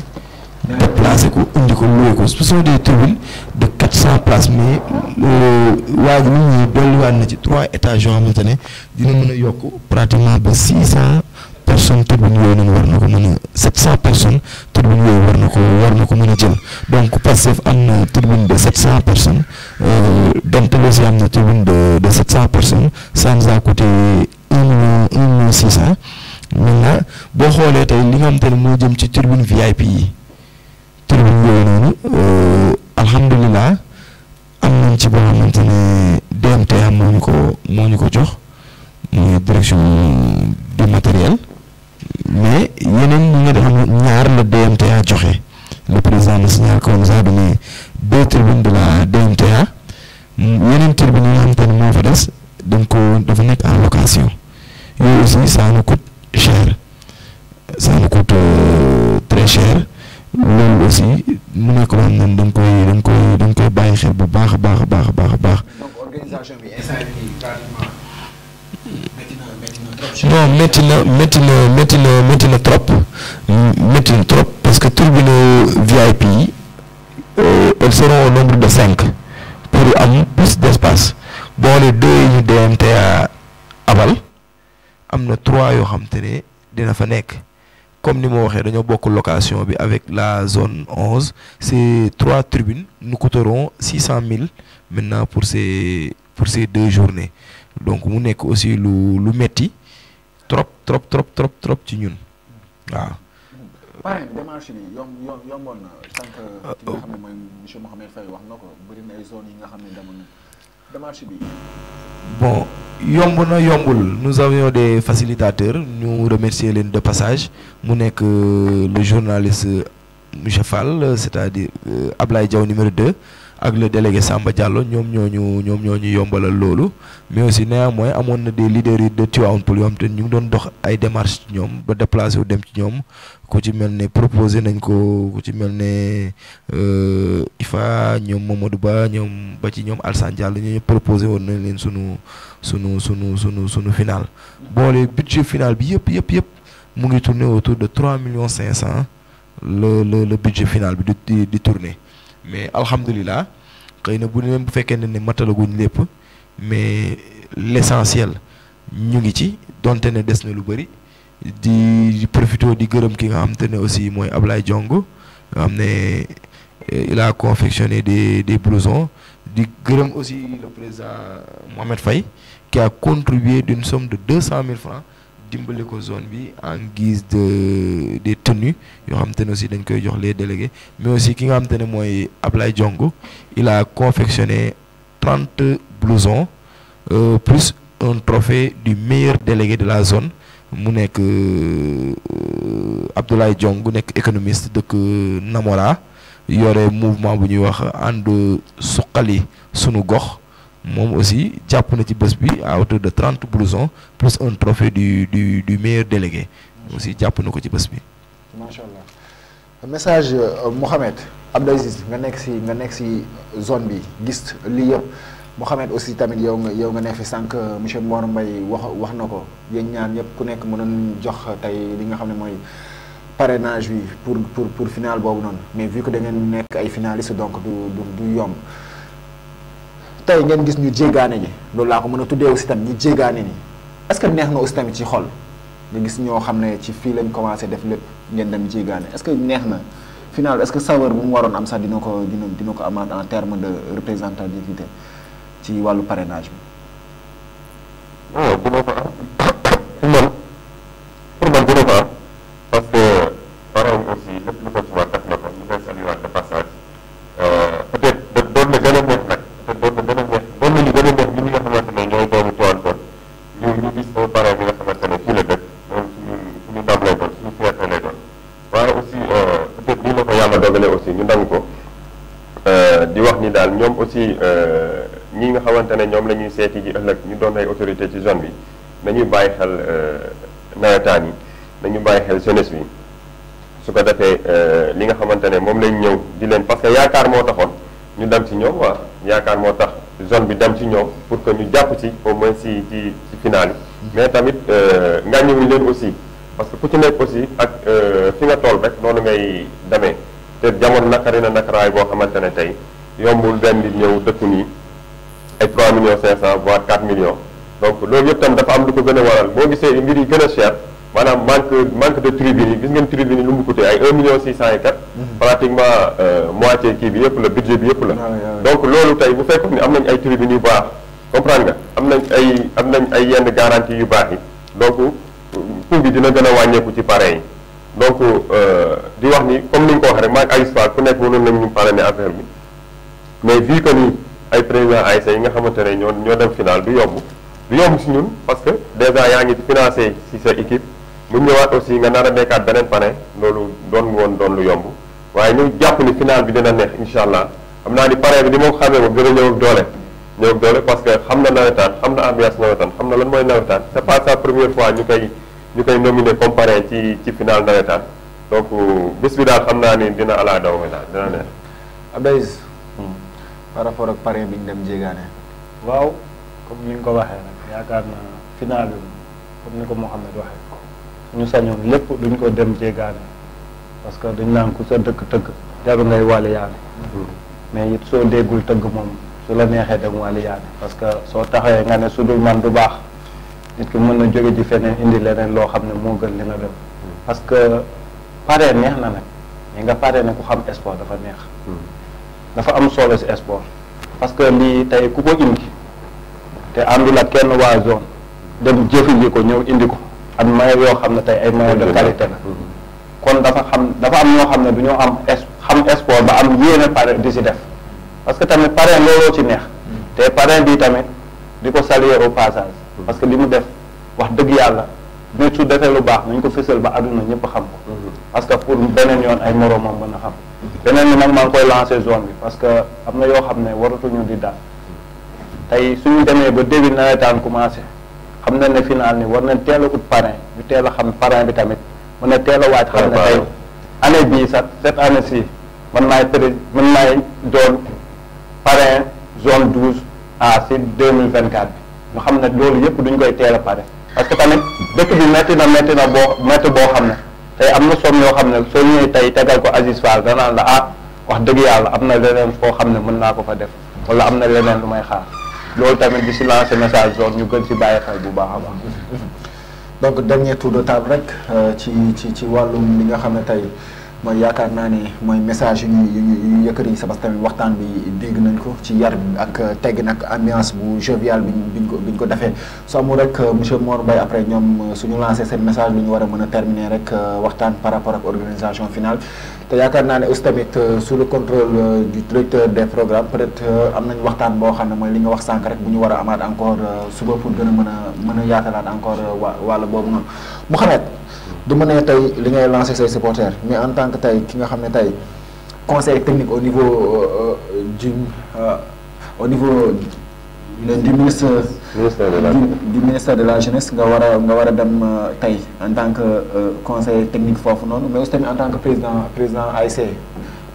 déplacé ko indi ko loué ko ce sont des tribunes de quatre cent places mais euh, waa ji nit ñi dolliwaat na ci trois étages yoo xamante ne dina mën a yokk pratiquement ba six cent. personnes tribune yooyu noonu war na ko cent personnes tribune yooyu war na ko war na ko mën a jël donc Pastef am na tribune de sept cent personnes euh, Deltalosi am na tribune de de sept cent personnes ça nous a coûté un million un million six cent maintenant boo xoolee tey li nga xam te ne moo jëm ci tribune VIP yi tribune yooyu noonu euh, alhamdulilah am nañ ci boo xamante ne ñu ko moo ñu ko jox muy direction du matériel mais yeneen ñaar la DMTA joxe le président le signale comme ça du ne deux tribunes de la DMTA yeneen tribune yi nga xam moo fa des dañ ko dafa nekk en location yooyu aussi ça nous coûte cher ça nous euh, loolu aussi mu nekk loo xam ne dañ koy dañ koy dañ koy bàyyi xel bu baax a baax a baax a baax. donc organisation Non, maintenant, maintenant, maintenant, maintenant trop. Maintenant parce que tous les VIP, elles seront au nombre de 5 pour avoir plus d'espace. Bon, les deux ils été à Aval, il y a 3 qui ont été à comme nous avons fait beaucoup de location avec la zone 11, ces trois tribunes nous coûteront 600 000 maintenant pour ces, pour ces deux journées. Donc, nous avons aussi le métier trop trop trop trop trop ci ñun waaw. parrain bi bi yomboon na sànq euh, ki nga oh. xam ne mooy monsieur Mouhamed Faye wax na ko bëri na ay zone yi nga xam ne demoon na démarche bi. bon yomb na yombul nous avions des facilitateurs ñu remercier leen de passage mu nekk euh, le journaliste monsieur Fall c'est-à-dire euh, Ablaye jaw numéro 2. ak le délégué Samba Diallo ñom ñoo ñom ñoom yombalal lolu mais aussi néanmoins amon na des leaders de Tivaouane pour yoo xam te ñu ngi doon dox ay démarches ñom ba déplacé dem ci ñom ku ci mel proposer nañ ko ku ci mel euh Ifa ñom Mamadou Ba ñom ba ci ñoom Alsane Diallo ñu proposer won nañ leen sunu sunu sunu sunu sunu final. boole budget final bi yëpp yëpp yëpp mu ngi tourné autour de 3 millions le le le budget final bi di di mais alhamdulilah xëy na bu même bu fekkee ne ne matalaguñ lépp mais l'essentiel ñu ngi ci donte ne des na lu bëri di profito di gërëm ki nga xam te aussi mooy Ablaye Diongo nga xam euh, il a confectionné des des blousons di gërëm aussi le président Mohamed Fay, qui a contribué d'une somme de deux cent francs ko zone en guise de des tenues y xam aussi dañ koy jox les délégués mais aussi ki nga xam te il a confectionné 30 blousons euh, plus un trophée du meilleur délégué de la zone mu euh, Abdoulaye Diongo nek économiste de euh, Namora yoré mouvement bu ñuy wax en soukali sunu gox moom aussi jàpp na ci bés bi à hauteur de 30 blousons plus un trophée du du du meilleur délégué. aussi jàpp na ko ci bés bi. macha allah message euh, Mohamed Abdou Aziz nga nekk si nga nekk si zone bi gis lii yëpp Mouhamed aussi tamit yow nga yow nga ne fi sànq monsieur Mor Mbaye wax wax na ko yéen ñaan ñëpp ku nekk mënoon jox tey li nga xam ne mooy. parrainage pour pour pour finale boobu non mais vu que da ngeen nekk ay finalistes donc du du du yomb tey ngeen gis ñu jéggaane ji loolu laa ko mën a tuddee aussi tam ñi jéggaane ñi est-ce neex na aussi ci xol nga gis ñoo xam ne ci fii lañ commencé def lépp ngeen dem jéggaane est-ce que neex na final est que saveur bu mu waroon am sax dina ko dina dina ko amaat en terme de représentativité ci wàllu parrainage bi. waaw bu au moins si ci ci finale yi mais tamit euh, ngàññiwuñ leen aussi parce que ku ci nekk aussi ak euh, fi nga tool rek noonu ngay demee te jamono nakari na nakaraay boo xamante ne tey yombul benn nit ñëw dëkku nii ay 3 millions 500 voire 4 millions donc loolu yëpp tam dafa am lu ko gën a waral boo gisee mbir yi gën a cher maanaam manque manque de tribune yi gis ngeen tribune yi lu mu coûté ay 1 million 600 et 4 mm-hmm. pratiquement euh, moitié kii bi yëpp la budget yëpp la ah ah donc loolu tey bu fekkoon ni am nañ ay tribune yu baax comprendre nga am nañ ay am nañ ay yenn garantie yu baax yi donc coût bi dina gën a wàññeeku ci parrain yi donc euh, di wax ni comme ni nga ko waxee rek maa ngi ku nekk mënoon nañ ñu parrainer affaire bi mais vu que ni ay président ASC yi nga xamante ne ñoo ñoo dem final du yomb du yomb si ñun parce que déjà yaa ngi financé si sa équipe mu ñëwaat aussi nga nar a nekkaat beneen parrain loolu doon woon doon lu yomb waaye ñu jàpp ni final bi dina neex incha allah am naa ni parrain bi di ma ko xamee moom dina doole. ñëw doole parce que xam na nawetaan xam na ambiance nawetaan xam na lan mooy nawetaan c'est pas sa première fois ñu koy ñu koy nominé comme parrain ci ci final nawetaan donc bés bi daal xam naa ni dina ala daw daal dina neex. Abdoulaye hmm. par rapport ak pare bi ñu dem jéegaane. waaw comme ni nga ko waxee nag yaakaar na final bi comme ni ko Mouhamed waxee ñu sañoon lépp duñ ko dem jéegaane parce que dañ naan ku sa dëkk tëgg. jarul ngay wàll yaane hmm. mais it soo déggul tëgg moom. su la neexee da nga aliyaane parce que soo taxawee nga ne su dul man du baax nit ki mën na jóge ji feneen indi leneen loo xam ne moo gën li nga dem parce que pare neex na nag mais nga pare ne ku xam sport dafa neex dafa am solo si sport parce que lii tey ku ko indi te àndul ak kenn waa zone dem jëfi ji ko ñëw indi ko ak mayo yoo xam ne tey ay mayo de qualité la kon dafa xam dafa am ñoo xam ne du ñoo am xam sport ba am yéene pare di si def parce que tamit parrain looloo ci neex te parrain bi tamit di ko saluer au passage parce que li mu def wax dëgg yàlla nit su defee lu baax nañ ko fësal ba àdduna ñëpp xam ko parce que pour beneen yoon ay moroomam mën a xam beneen bi nag maa ngi koy lancé zone bi parce que am na yoo xam ne waratuñu di daal tey ñu demee ba début nawetaan commencé xam na ne final ni war nañ teel a ut parrain ñu teel a xam parrain bi tamit mën a teel a waaj xam ne tey année bii man maay pré man maay doon parrain zone 12 à si 2024 bi ñu xam ne loolu yëpp duñu koy teel a pare parce que tamit dëkk bi métti na métti na boo métti boo xam ne tey am na somme yoo xam ne soo ñëwee tey tegal ko Aziz Fall danaan la ah wax dëgg yàlla am na leneen foo xam ne mën naa ko fa def wala am na leneen lu may xaar loolu tamit di si lancer message zone ñu gën si bàyyi xel bu baax a baax donc dernier tour de table rek euh, ci ci ci wàllum li nga xam ne tey mooy yaakaar naa ne mooy message yu ñuy yu ñuy yëkkati sa tamit waxtaan bi dégg nañ ko ci yar bi ak teggin ak ambiance bu jovial bi ñu ko bi ñu ko defee su amul rek euh, monsieur Mor Mbaye après ñoom euh, suñu lancé seen message lu ñu war a mën a terminer rek euh, waxtaan par rapport ak organisation finale te yaakaar naa ne aussi tamit sous le contrôle du directeur peut-être am nañ waxtaan boo ne mooy li nga wax sànq rek bu ñu war amaat encore suba pour gën a mën a mën a yaatalaat encore wa wàll boobu mu Mouhamed du ma ne tey li ngay lancé say supporters mais en tant que tey ki nga xam ne tey conseil technique au niveau euh, du euh, au niveau du ministre du ministère de la jeunesse nga war a nga war a dem euh, tey en tant que conseil technique foofu noonu mais aussi en tant que président président ASC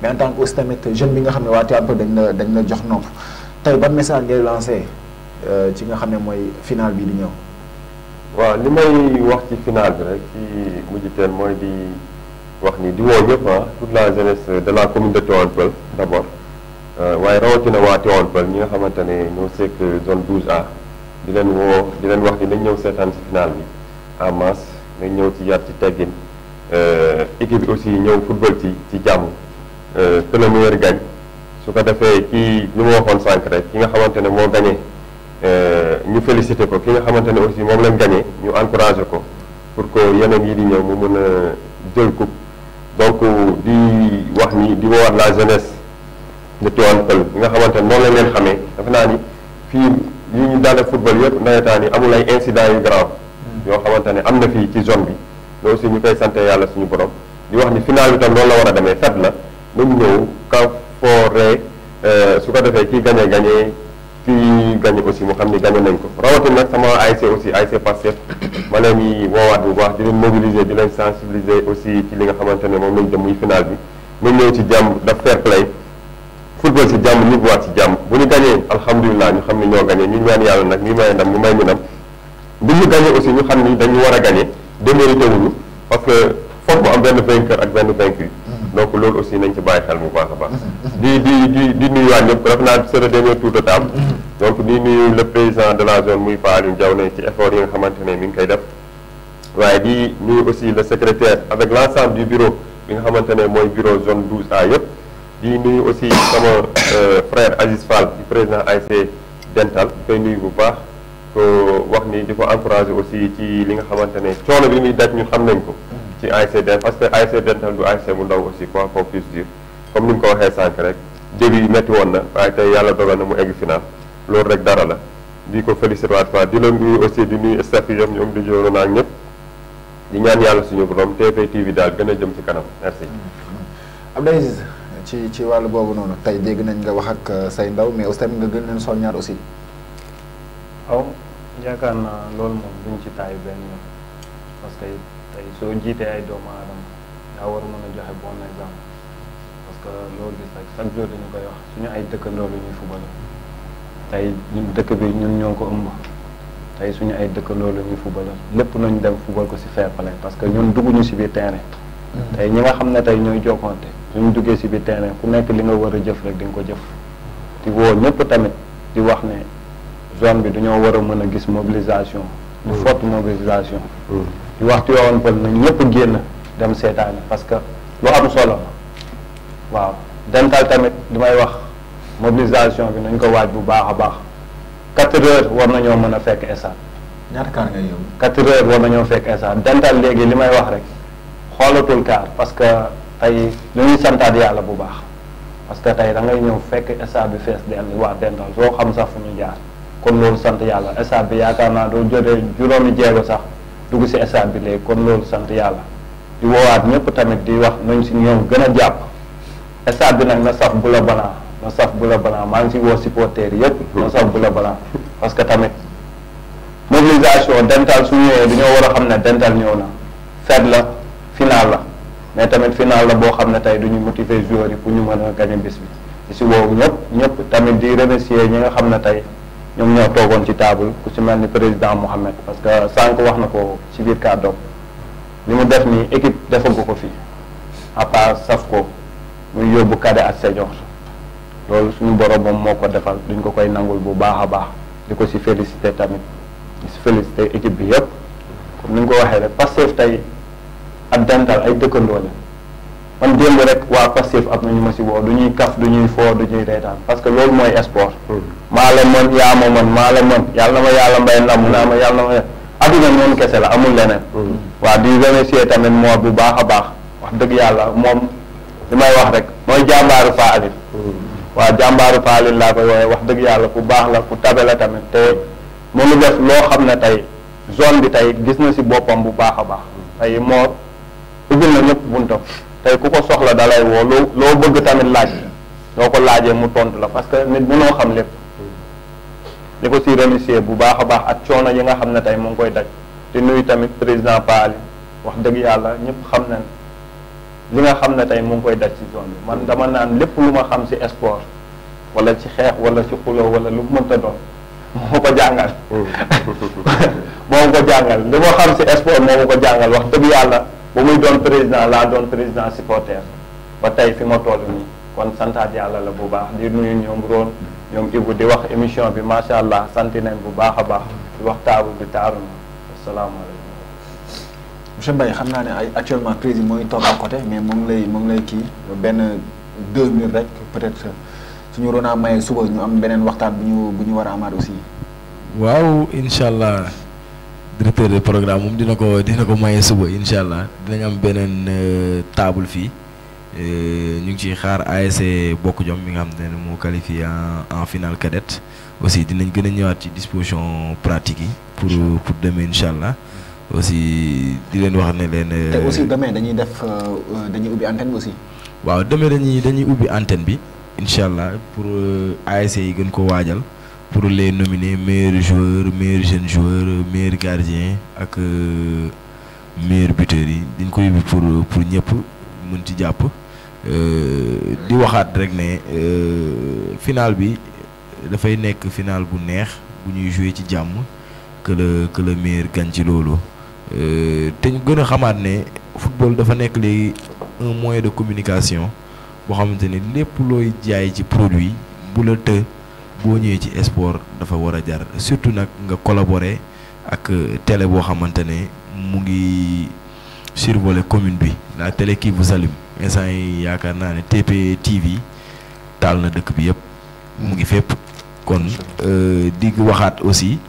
mais en tant que aussi jeune bi nga xam ne waa Tivaouane dañ la dañ la jox nopp tey ba message ngay lancé ci nga xam ne mooy final bi di ñëw waaw li may wax ci final bi rek ci mujjiteel mooy di wax ni di woo ñëpp ah toute la jeunesse de la commune de Tivaouane Peulh d' abord euh, waaye rawatina waa Tivaouane Peulh ñi nga xamante ne ñoo seek zone 12A di leen woo di leen wax ni nañ ñëw seetaan si final bi en masse nañ ñëw ci yar ci teggin euh, équipe bi aussi ñëw football ci ci jàmm euh, que le meilleur gagne su ko defee kii li ma waxoon sànq rek ki nga xamante ne moo gagné. Euh, ñu félicité ko ki nga xamante ne aussi moom lañ gagné ñu encouragé ko pour que yeneen yi di ñëw mu mën a jël coupe donc di wax ni di woowaat la jeunesse de Tivaouane Peulh bi nga xamante ne moom lañ leen xamee dafa naa ni fii li ñu daanaka football yëpp nawetaan ni amul ay incident yu grave yoo xamante ne am na fii ci zone bi loolu aussi ñu koy sant yàlla suñu borom di wax ni final bi tam loolu la war a demee fet la nañ ñëw ka fooree euh, su ko defee kii gañe gagné. fii gagné aussi moo xam ni gagné nañ ko rawatina nag sama ASC aussi ASC Pastef ma leen di woowaat bu baax di leen mobiliser di leen sensibiliser aussi ci li nga xamante ne moom lañ dem muy final bi ñu ñëw ci jàmm daf fair play football si jàmm ñu waat si jàmm bu ñu gagné alhamdulilah ñu xam ni ñoo gagné ñu ñaan yàlla nag ñu may ndam ñu may ñu ndam bu ñu gañee aussi ñu xam ni dañu war a gañee démérité wuñu parce que foofu mu am benn vainqueur ak benn vaincu donc loolu aussi nañ ci bàyyi xel bu baax a baax. di di di di nuyuwaat ñëpp def naa c'est le dernier tour de table. donc di nuyu le président de la zone muy Paa Alioune Diaw ci effort yi nga xamante ne mi ngi koy def waaye di nuyu aussi le secrétaire avec l' ensemble du bureau bi nga xamante ne mooy bureau zone 12A yëpp. di nuyu aussi sama euh, frère Aziz Fall di président AIC Dental koy nuyu bu baax ko wax ni di ko encouragé aussi ci li nga xamante ne coono bi muy daj ñu xam nañ ko. ci ASC Dent parce que ASC Dent tamit du ASC bu ndaw aussi quoi comme ni mu ko waxee sànq rek début yi métti woon na waaye tey yàlla dogal na mu egg final loolu rek dara la di ko félicité waat quoi di la nuyu aussi di nuyu staff yi ñoom di jooro naa ñëpp di ñaan yàlla suñu borom TPTV daal gën a jëm ci kanam merci. Abdoulaye Aziz ci wàll boobu noonu tey dégg nañ nga wax ak uh, say ndaw mais aussi tamit nga gën leen soññaat aussi. waaw yaakaar naa loolu moom duñ ci taay benn parce que. tey soo jiitee ay doomu aadama yaa war a mën a joxe bon exemple parce que loo gis rek chaque jour dañu koy wax suñu ay dëkkandoo la ñuy fubale tey ñun dëkk bi ñun ñoo ko ëmb tey suñu ay dëkkandoo la ñuy fubale lépp nañu dem fubal ko si fair play parce que ñun dugguñu si biir terrain mm-hmm. tey ñi nga xam ne tey ñooy jokkonte suñu duggee si biir terrain ku nekk li nga war a jëf rek di ko jëf di woo ñëpp tamit di wax ne zone bi dañoo war a mën a gis mobilisation de mm-hmm. forte mm-hmm. di wax Tivaouane Peulh nañ ñëpp génn dem seetaani parce que lu am solo la waaw dental tamit damay wax mobilisation bi nañ ko waaj bu baax a baax quatre heures war nañoo mën a fekk estade ñaata kaar ngay yow quatre heures war nañoo fekk estade dental léegi li may wax rek xoolatul kaar parce que tey lu ñuy santaat yàlla bu baax parce que tey da ngay ñëw fekk estade bi fees dell waa dental soo xam sax fu ñu jaar kon loolu sant yàlla estade bi yaakaar naa doo jotee juróomi jeego sax dugg si stade bi léegi kon loolu sant yàlla di woowaat ñëpp tamit di wax nañ si ñoom gën a jàpp stade bi nag na saf bu la banaa na saf bu la banaa maa ngi si woo supporters yëpp na saf bu la banaa parce que tamit mobilisation dental su ñëwee dañoo war a xam ne dental ñëw na fête la final la mais tamit final la boo xam ne tey duñu motiver joueurs yi pour ñu mën a gagné bis bi di si woowu ñëpp ñëpp tamit di remercier ñi nga xam ne tey ñoom ñoo toogoon ci taabul ku ci mel ni président Mohamed parce que sànq wax na ko ci biir kàddoom li mu def ni équipe defagu ko fii à part saf ko muy yóbbu cadet ak senior loolu suñu borom moom moo ko defal duñ ko koy nangul bu baax a baax di ko ci félicité tamit di ci félicité équipe bi yëpp comme ni ko waxee rek Pastef tey ak Dental ay dëkkandoo la man démb rek waa Pastef am na ñu ma si woo du ñuy kaf du ñuy foo du ñuy reetaan parce que loolu mooy sport. Hmm. maa la mën yaa ma mën maa la mën yàlla na ma yàlla mbay ndam naa ma yàlla na ma adduna noonu kese la amul leneen. Hmm. waa di remercier tamit moo bu baax a baax wax dëgg yàlla moom li may wax rek mooy jàmbaaru Faa Alil. Hmm. waa jàmbaaru Faa Alil laa koy wax dëgg yàlla ku baax la ku tabe tamit te mënu def loo xam ne tey zone bi tey gis na si boppam bu baax a baax tey moo ubbil na ñëpp tey ku ko soxla dalay woo loo loo bëgg tamit laaj soo ko laajee mu tontu la parce que nit mënoo xam lépp li ko si remercier bu baax a baax ak coono yi nga xam ne tey mu ngi koy daj te nuyu tamit président Paali wax dëgg yàlla ñëpp xam nañ li nga xam ne tey mu koy daj ci zone bi man dama naan lépp lu ma xam si sport walla si xeex wala ci xuloo wala lu mënta doon moo ko jàngal mm. moo ko jàngal li ma xam si sport moo ko jàngal wax dëgg yàlla bu muy doon président laa doon président supporter ba tey fi ma toll nii kon santaat yàlla la bu baax di nuyu ñoom Rone ñoom Ibou di wax émission bi macha allah sant nañ bu baax a baax di wax taabu bi taaru na asalaamaaleykum. monsieur Mbaye xam naa ne ay actuellement président moo ngi toog à côté mais mu ngi lay mu ngi lay kii benn deux minutes rek peut-être suñu ronaa mayee suba ñu am beneen waxtaan bu ñu bu ñu war a amaat aussi. waaw incha allah. directeur de programme moom dina ko dina ko maye suba incha allah dinañ am beneen euh, table fii euh, ñu ngi ciy xaar ASC Bokk Jom mi nga xam ne moo qualifié en en finale cadette aussi dinañ gën a ñëwaat ci disposition pratique yi. pour pour deme incha allah. aussi di leen wax ne leen. te aussi euh, demain dañuy def dañuy ubbi antenne bi aussi. waaw demain dañuy dañuy ubbi antenne bi incha allah pour ASC yi gën ko waajal. pour les nominer meilleur joueur meilleur jeune joueur meilleur gardien et euh, meilleur buteur yi coup ko pour pour ñëpp mën ci jàpp euh, di waxaat rek ne euh, final bi dafay nekk final bu neex bu ñuy jouer ci que le que le meilleur gagne ci loolu te ñu football dafa nekk un moyen de communication pour xamante les lépp looy jaay ci produit boo ñëwee ci sport dafa war surtout nag nga collaborer ak télé boo xamante mu ngi survoler commune bi la télé qui vous allume instant y yaakaar naa TP TV taal de dëkk bi yëpp mu ngi fépp kon euh, di waxaat aussi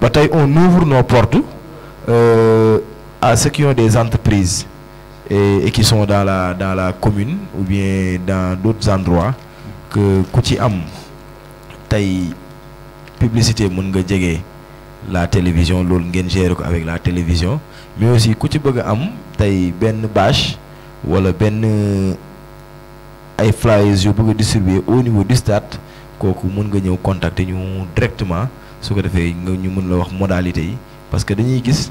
ba on ouvre nos portes euh, à ceux qui ont des entreprises et, et qui sont dans la dans la commune ou bien dans d'autres endroits que ku am tay publicité mën nga djégé la télévision loolu ngeen géré ko avec la télévision mais aussi ku ci bëgg am tay ben bâche wala benn euh, ay flyers yu bëgg distribuer au niveau du stade koku mën nga ñëw contacter ñu directement su ko défé nga ñu mën la wax modalité yi parce que dañuy gis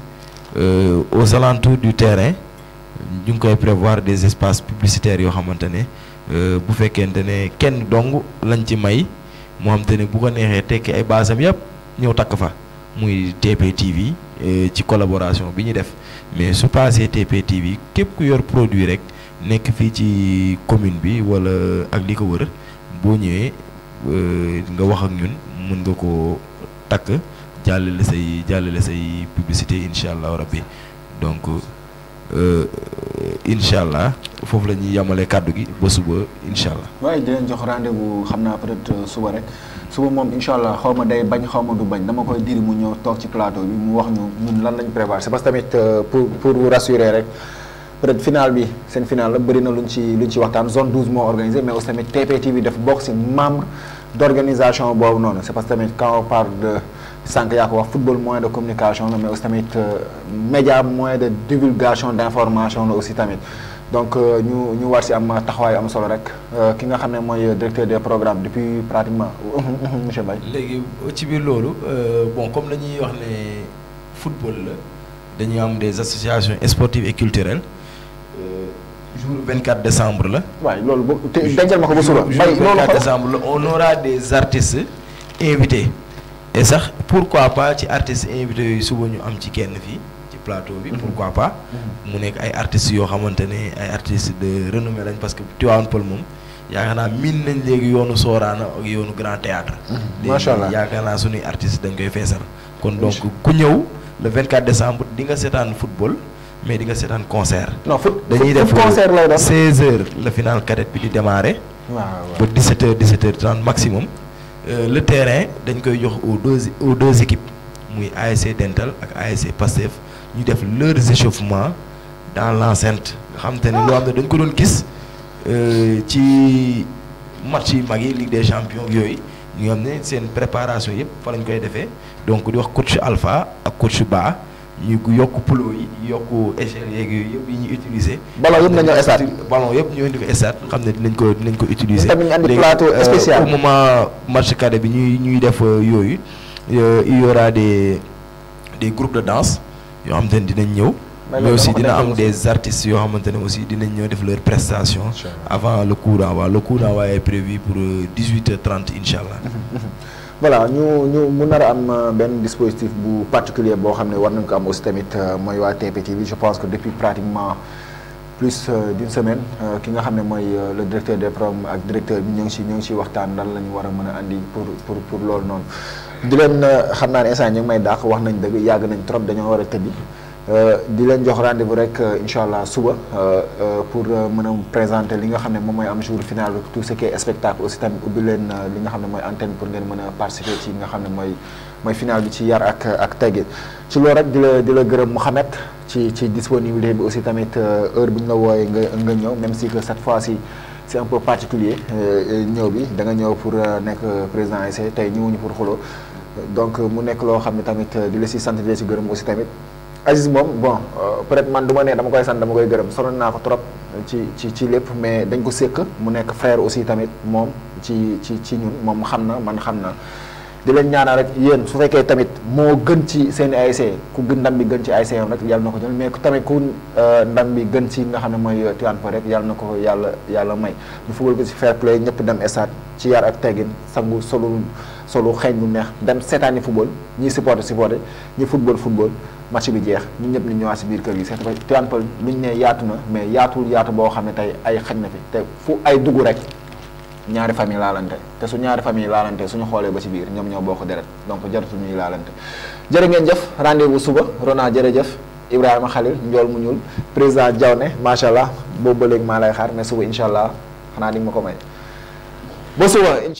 euh, aux alentours du terrain ñu koy prévoir des espaces publicitaires yo xamante ne euh, bu fekkente ne kenn dong lañ ci may. moo xam te ne bu ko neexee tekki ay baasam yëpp ñëw takk fa muy TP TV eh, ci collaboration bi ñu def mais su paasee TP TV képp ku yor produit rek nekk fii ci commune bi wala ak li ko wër boo ñëwee eh, nga wax ak ñun mun nga koo takk jàllale say jàllale say publicité incha allahu rabbi donc. Euh, incha allah foofu la ñuy yemale kàddu gi ba suba incha allah. waaye di leen jox rendez bu xam naa peut-être euh, suba rek suba moom incha allah xaw ma day bañ xaw ma du bañ dama koy diri mu ñëw toog ci plateau bi mu wax ñu ñun lan lañ prévoir c'est parce tamit euh, pour pour vous rassurer rek. peut-être final bi seen final la bëri na luñ ci luñ ci waxtaan zone 12 moo organisé mais aussi tamit TPTV dafa bokk ci membre d'organisation boobu noonu c'est parce tamit quand on parle de. qu'il y ait wax football moyen de communication mais aussi tamit euh, média moyen de divulgation d'informations aussi donc nous euh, ñu war si am taxawaay am solo rek euh, ki directeur des programmes depuis pratiquement monsieur Mbaye. bon comme nous wax le football nous avons des associations sportives et culturelles. jour 24 décembre 24 décembre on aura des artistes invités et sax pourquoi pas ci artistes invité yooyu suba ñu am ci kenn fi ci plateau bi. Mhm. pourquoi pas mhm. mu nekk ay artistes yoo xamante ne ay artistes de renommée lañ parce que Tivaouane Peulh moom. yaakaar naa miin nañ léegi yoonu soorana ak yoonu Grand Théâtre mhm. macha allah léegi yaakaar naa suñuy artistes dañ koy feesal. kon donc ku ñëw le 24 décembre di nga seetaan football mais di nga seetaan concert. non foot dañuy def concert lay def 16h le final cadette bi di démarrer. waaw waaw ba 17h 17h30 maximum. Euh, le terrain dañ koy jox aux deux aux deux équipes muy ASC Dental ak ASC Passif. ñu def leurs échauffements dans l'enceinte Nous xam tane lo am dañ ko euh, ci match yi mag Ligue des Champions yoy ñu xam préparation yépp fa lañ koy défé donc di wax coach Alpha ak coach Ba il y aura des des groupes de danse mais aussi des artistes qui avant le cours le cours est prévu pour 18h30 euh, Inch'Allah mhm, mhm. voilà ñu ñu mu nar am euh, benn dispositif bu particulier boo xam ne war nañ ko am aussi tamit euh, mooy waa TPTV je pense que depuis pratiquement plus euh, d'une semaine ki nga xam ne mooy le directeur de programmes ak directeur bi ñu ngi si ñu ngi si waxtaan lan la ñu war a mën a indi pour pour pour loolu noonu di leen xam naa ne instant ñu may dàq wax nañ dëgg yàgg nañ trop dañoo war a tëddi Euh, di leen jox rendez-vous rek euh, incha allah suba euh, pour mën a présenter li nga xam ne moom mooy am jour final tout ce qui est aussi tamit ubbi leen li nga xam ne mooy antenne pour ngeen mën a participer ci nga xam ne mooy mooy final bi ci yar ak ak teggin ci loolu rek di la di la gërëm Mouhamed ci ci disponibile bi aussi tamit heure bu ñu la wooyee nga nga ñëw même si que cette fois-ci c'est un peu particulier ñëw bi danga ñëw pour nekk président ASC tey ñëwuñu pour xuloo donc mu nekk loo xam ne tamit di la si sant di si gërëm aussi tamit. Aziz moom bon euh, peut-être man du ma ne dama koy sant dama koy gërëm sonal naa ko trop ci ci lépp mais dañ ko séq mu nekk frère aussi tamit moom ci ci ci ñun moom xam na man xam na di leen ñaanal rek yéen su fekkee tamit moo gën ci seen ASC ku gën ndam bi gën ci ASC am rek yàlla na ko jël mais tamit ku euh, ndam bi gën ci nga xam ne mooy Tivaouane Peulh yàlla na ko yàlla yàlla may ñu fubal ko ci fair play ñëpp dem stade ci yar ak teggin sangu solu solu xeeñ bu neex dem seetaani football ñi supporter supporter ñi football football match bi jeex ñun ñëpp ñu ñëwaat si biir kër gi c'est vrai Tivaouane Peulh luñ ne yaatu na mais yaatuwul yaatu boo xam ne tey ay xaj na fi te fu ay dugg rek ñaari famille laalante te su ñaari famille laalante suñu xoolee ba ci biir ñoom ñoo bokk deret donc jaratul ñuy laalante jërë ngeen jëf rendez-vous suba Rona jërëjëf Ibrahima Khalil njool mu ñuul président ne macha allah boobu ba maa lay xaar mais suba incha allah xanaa ni ma ko may ba suba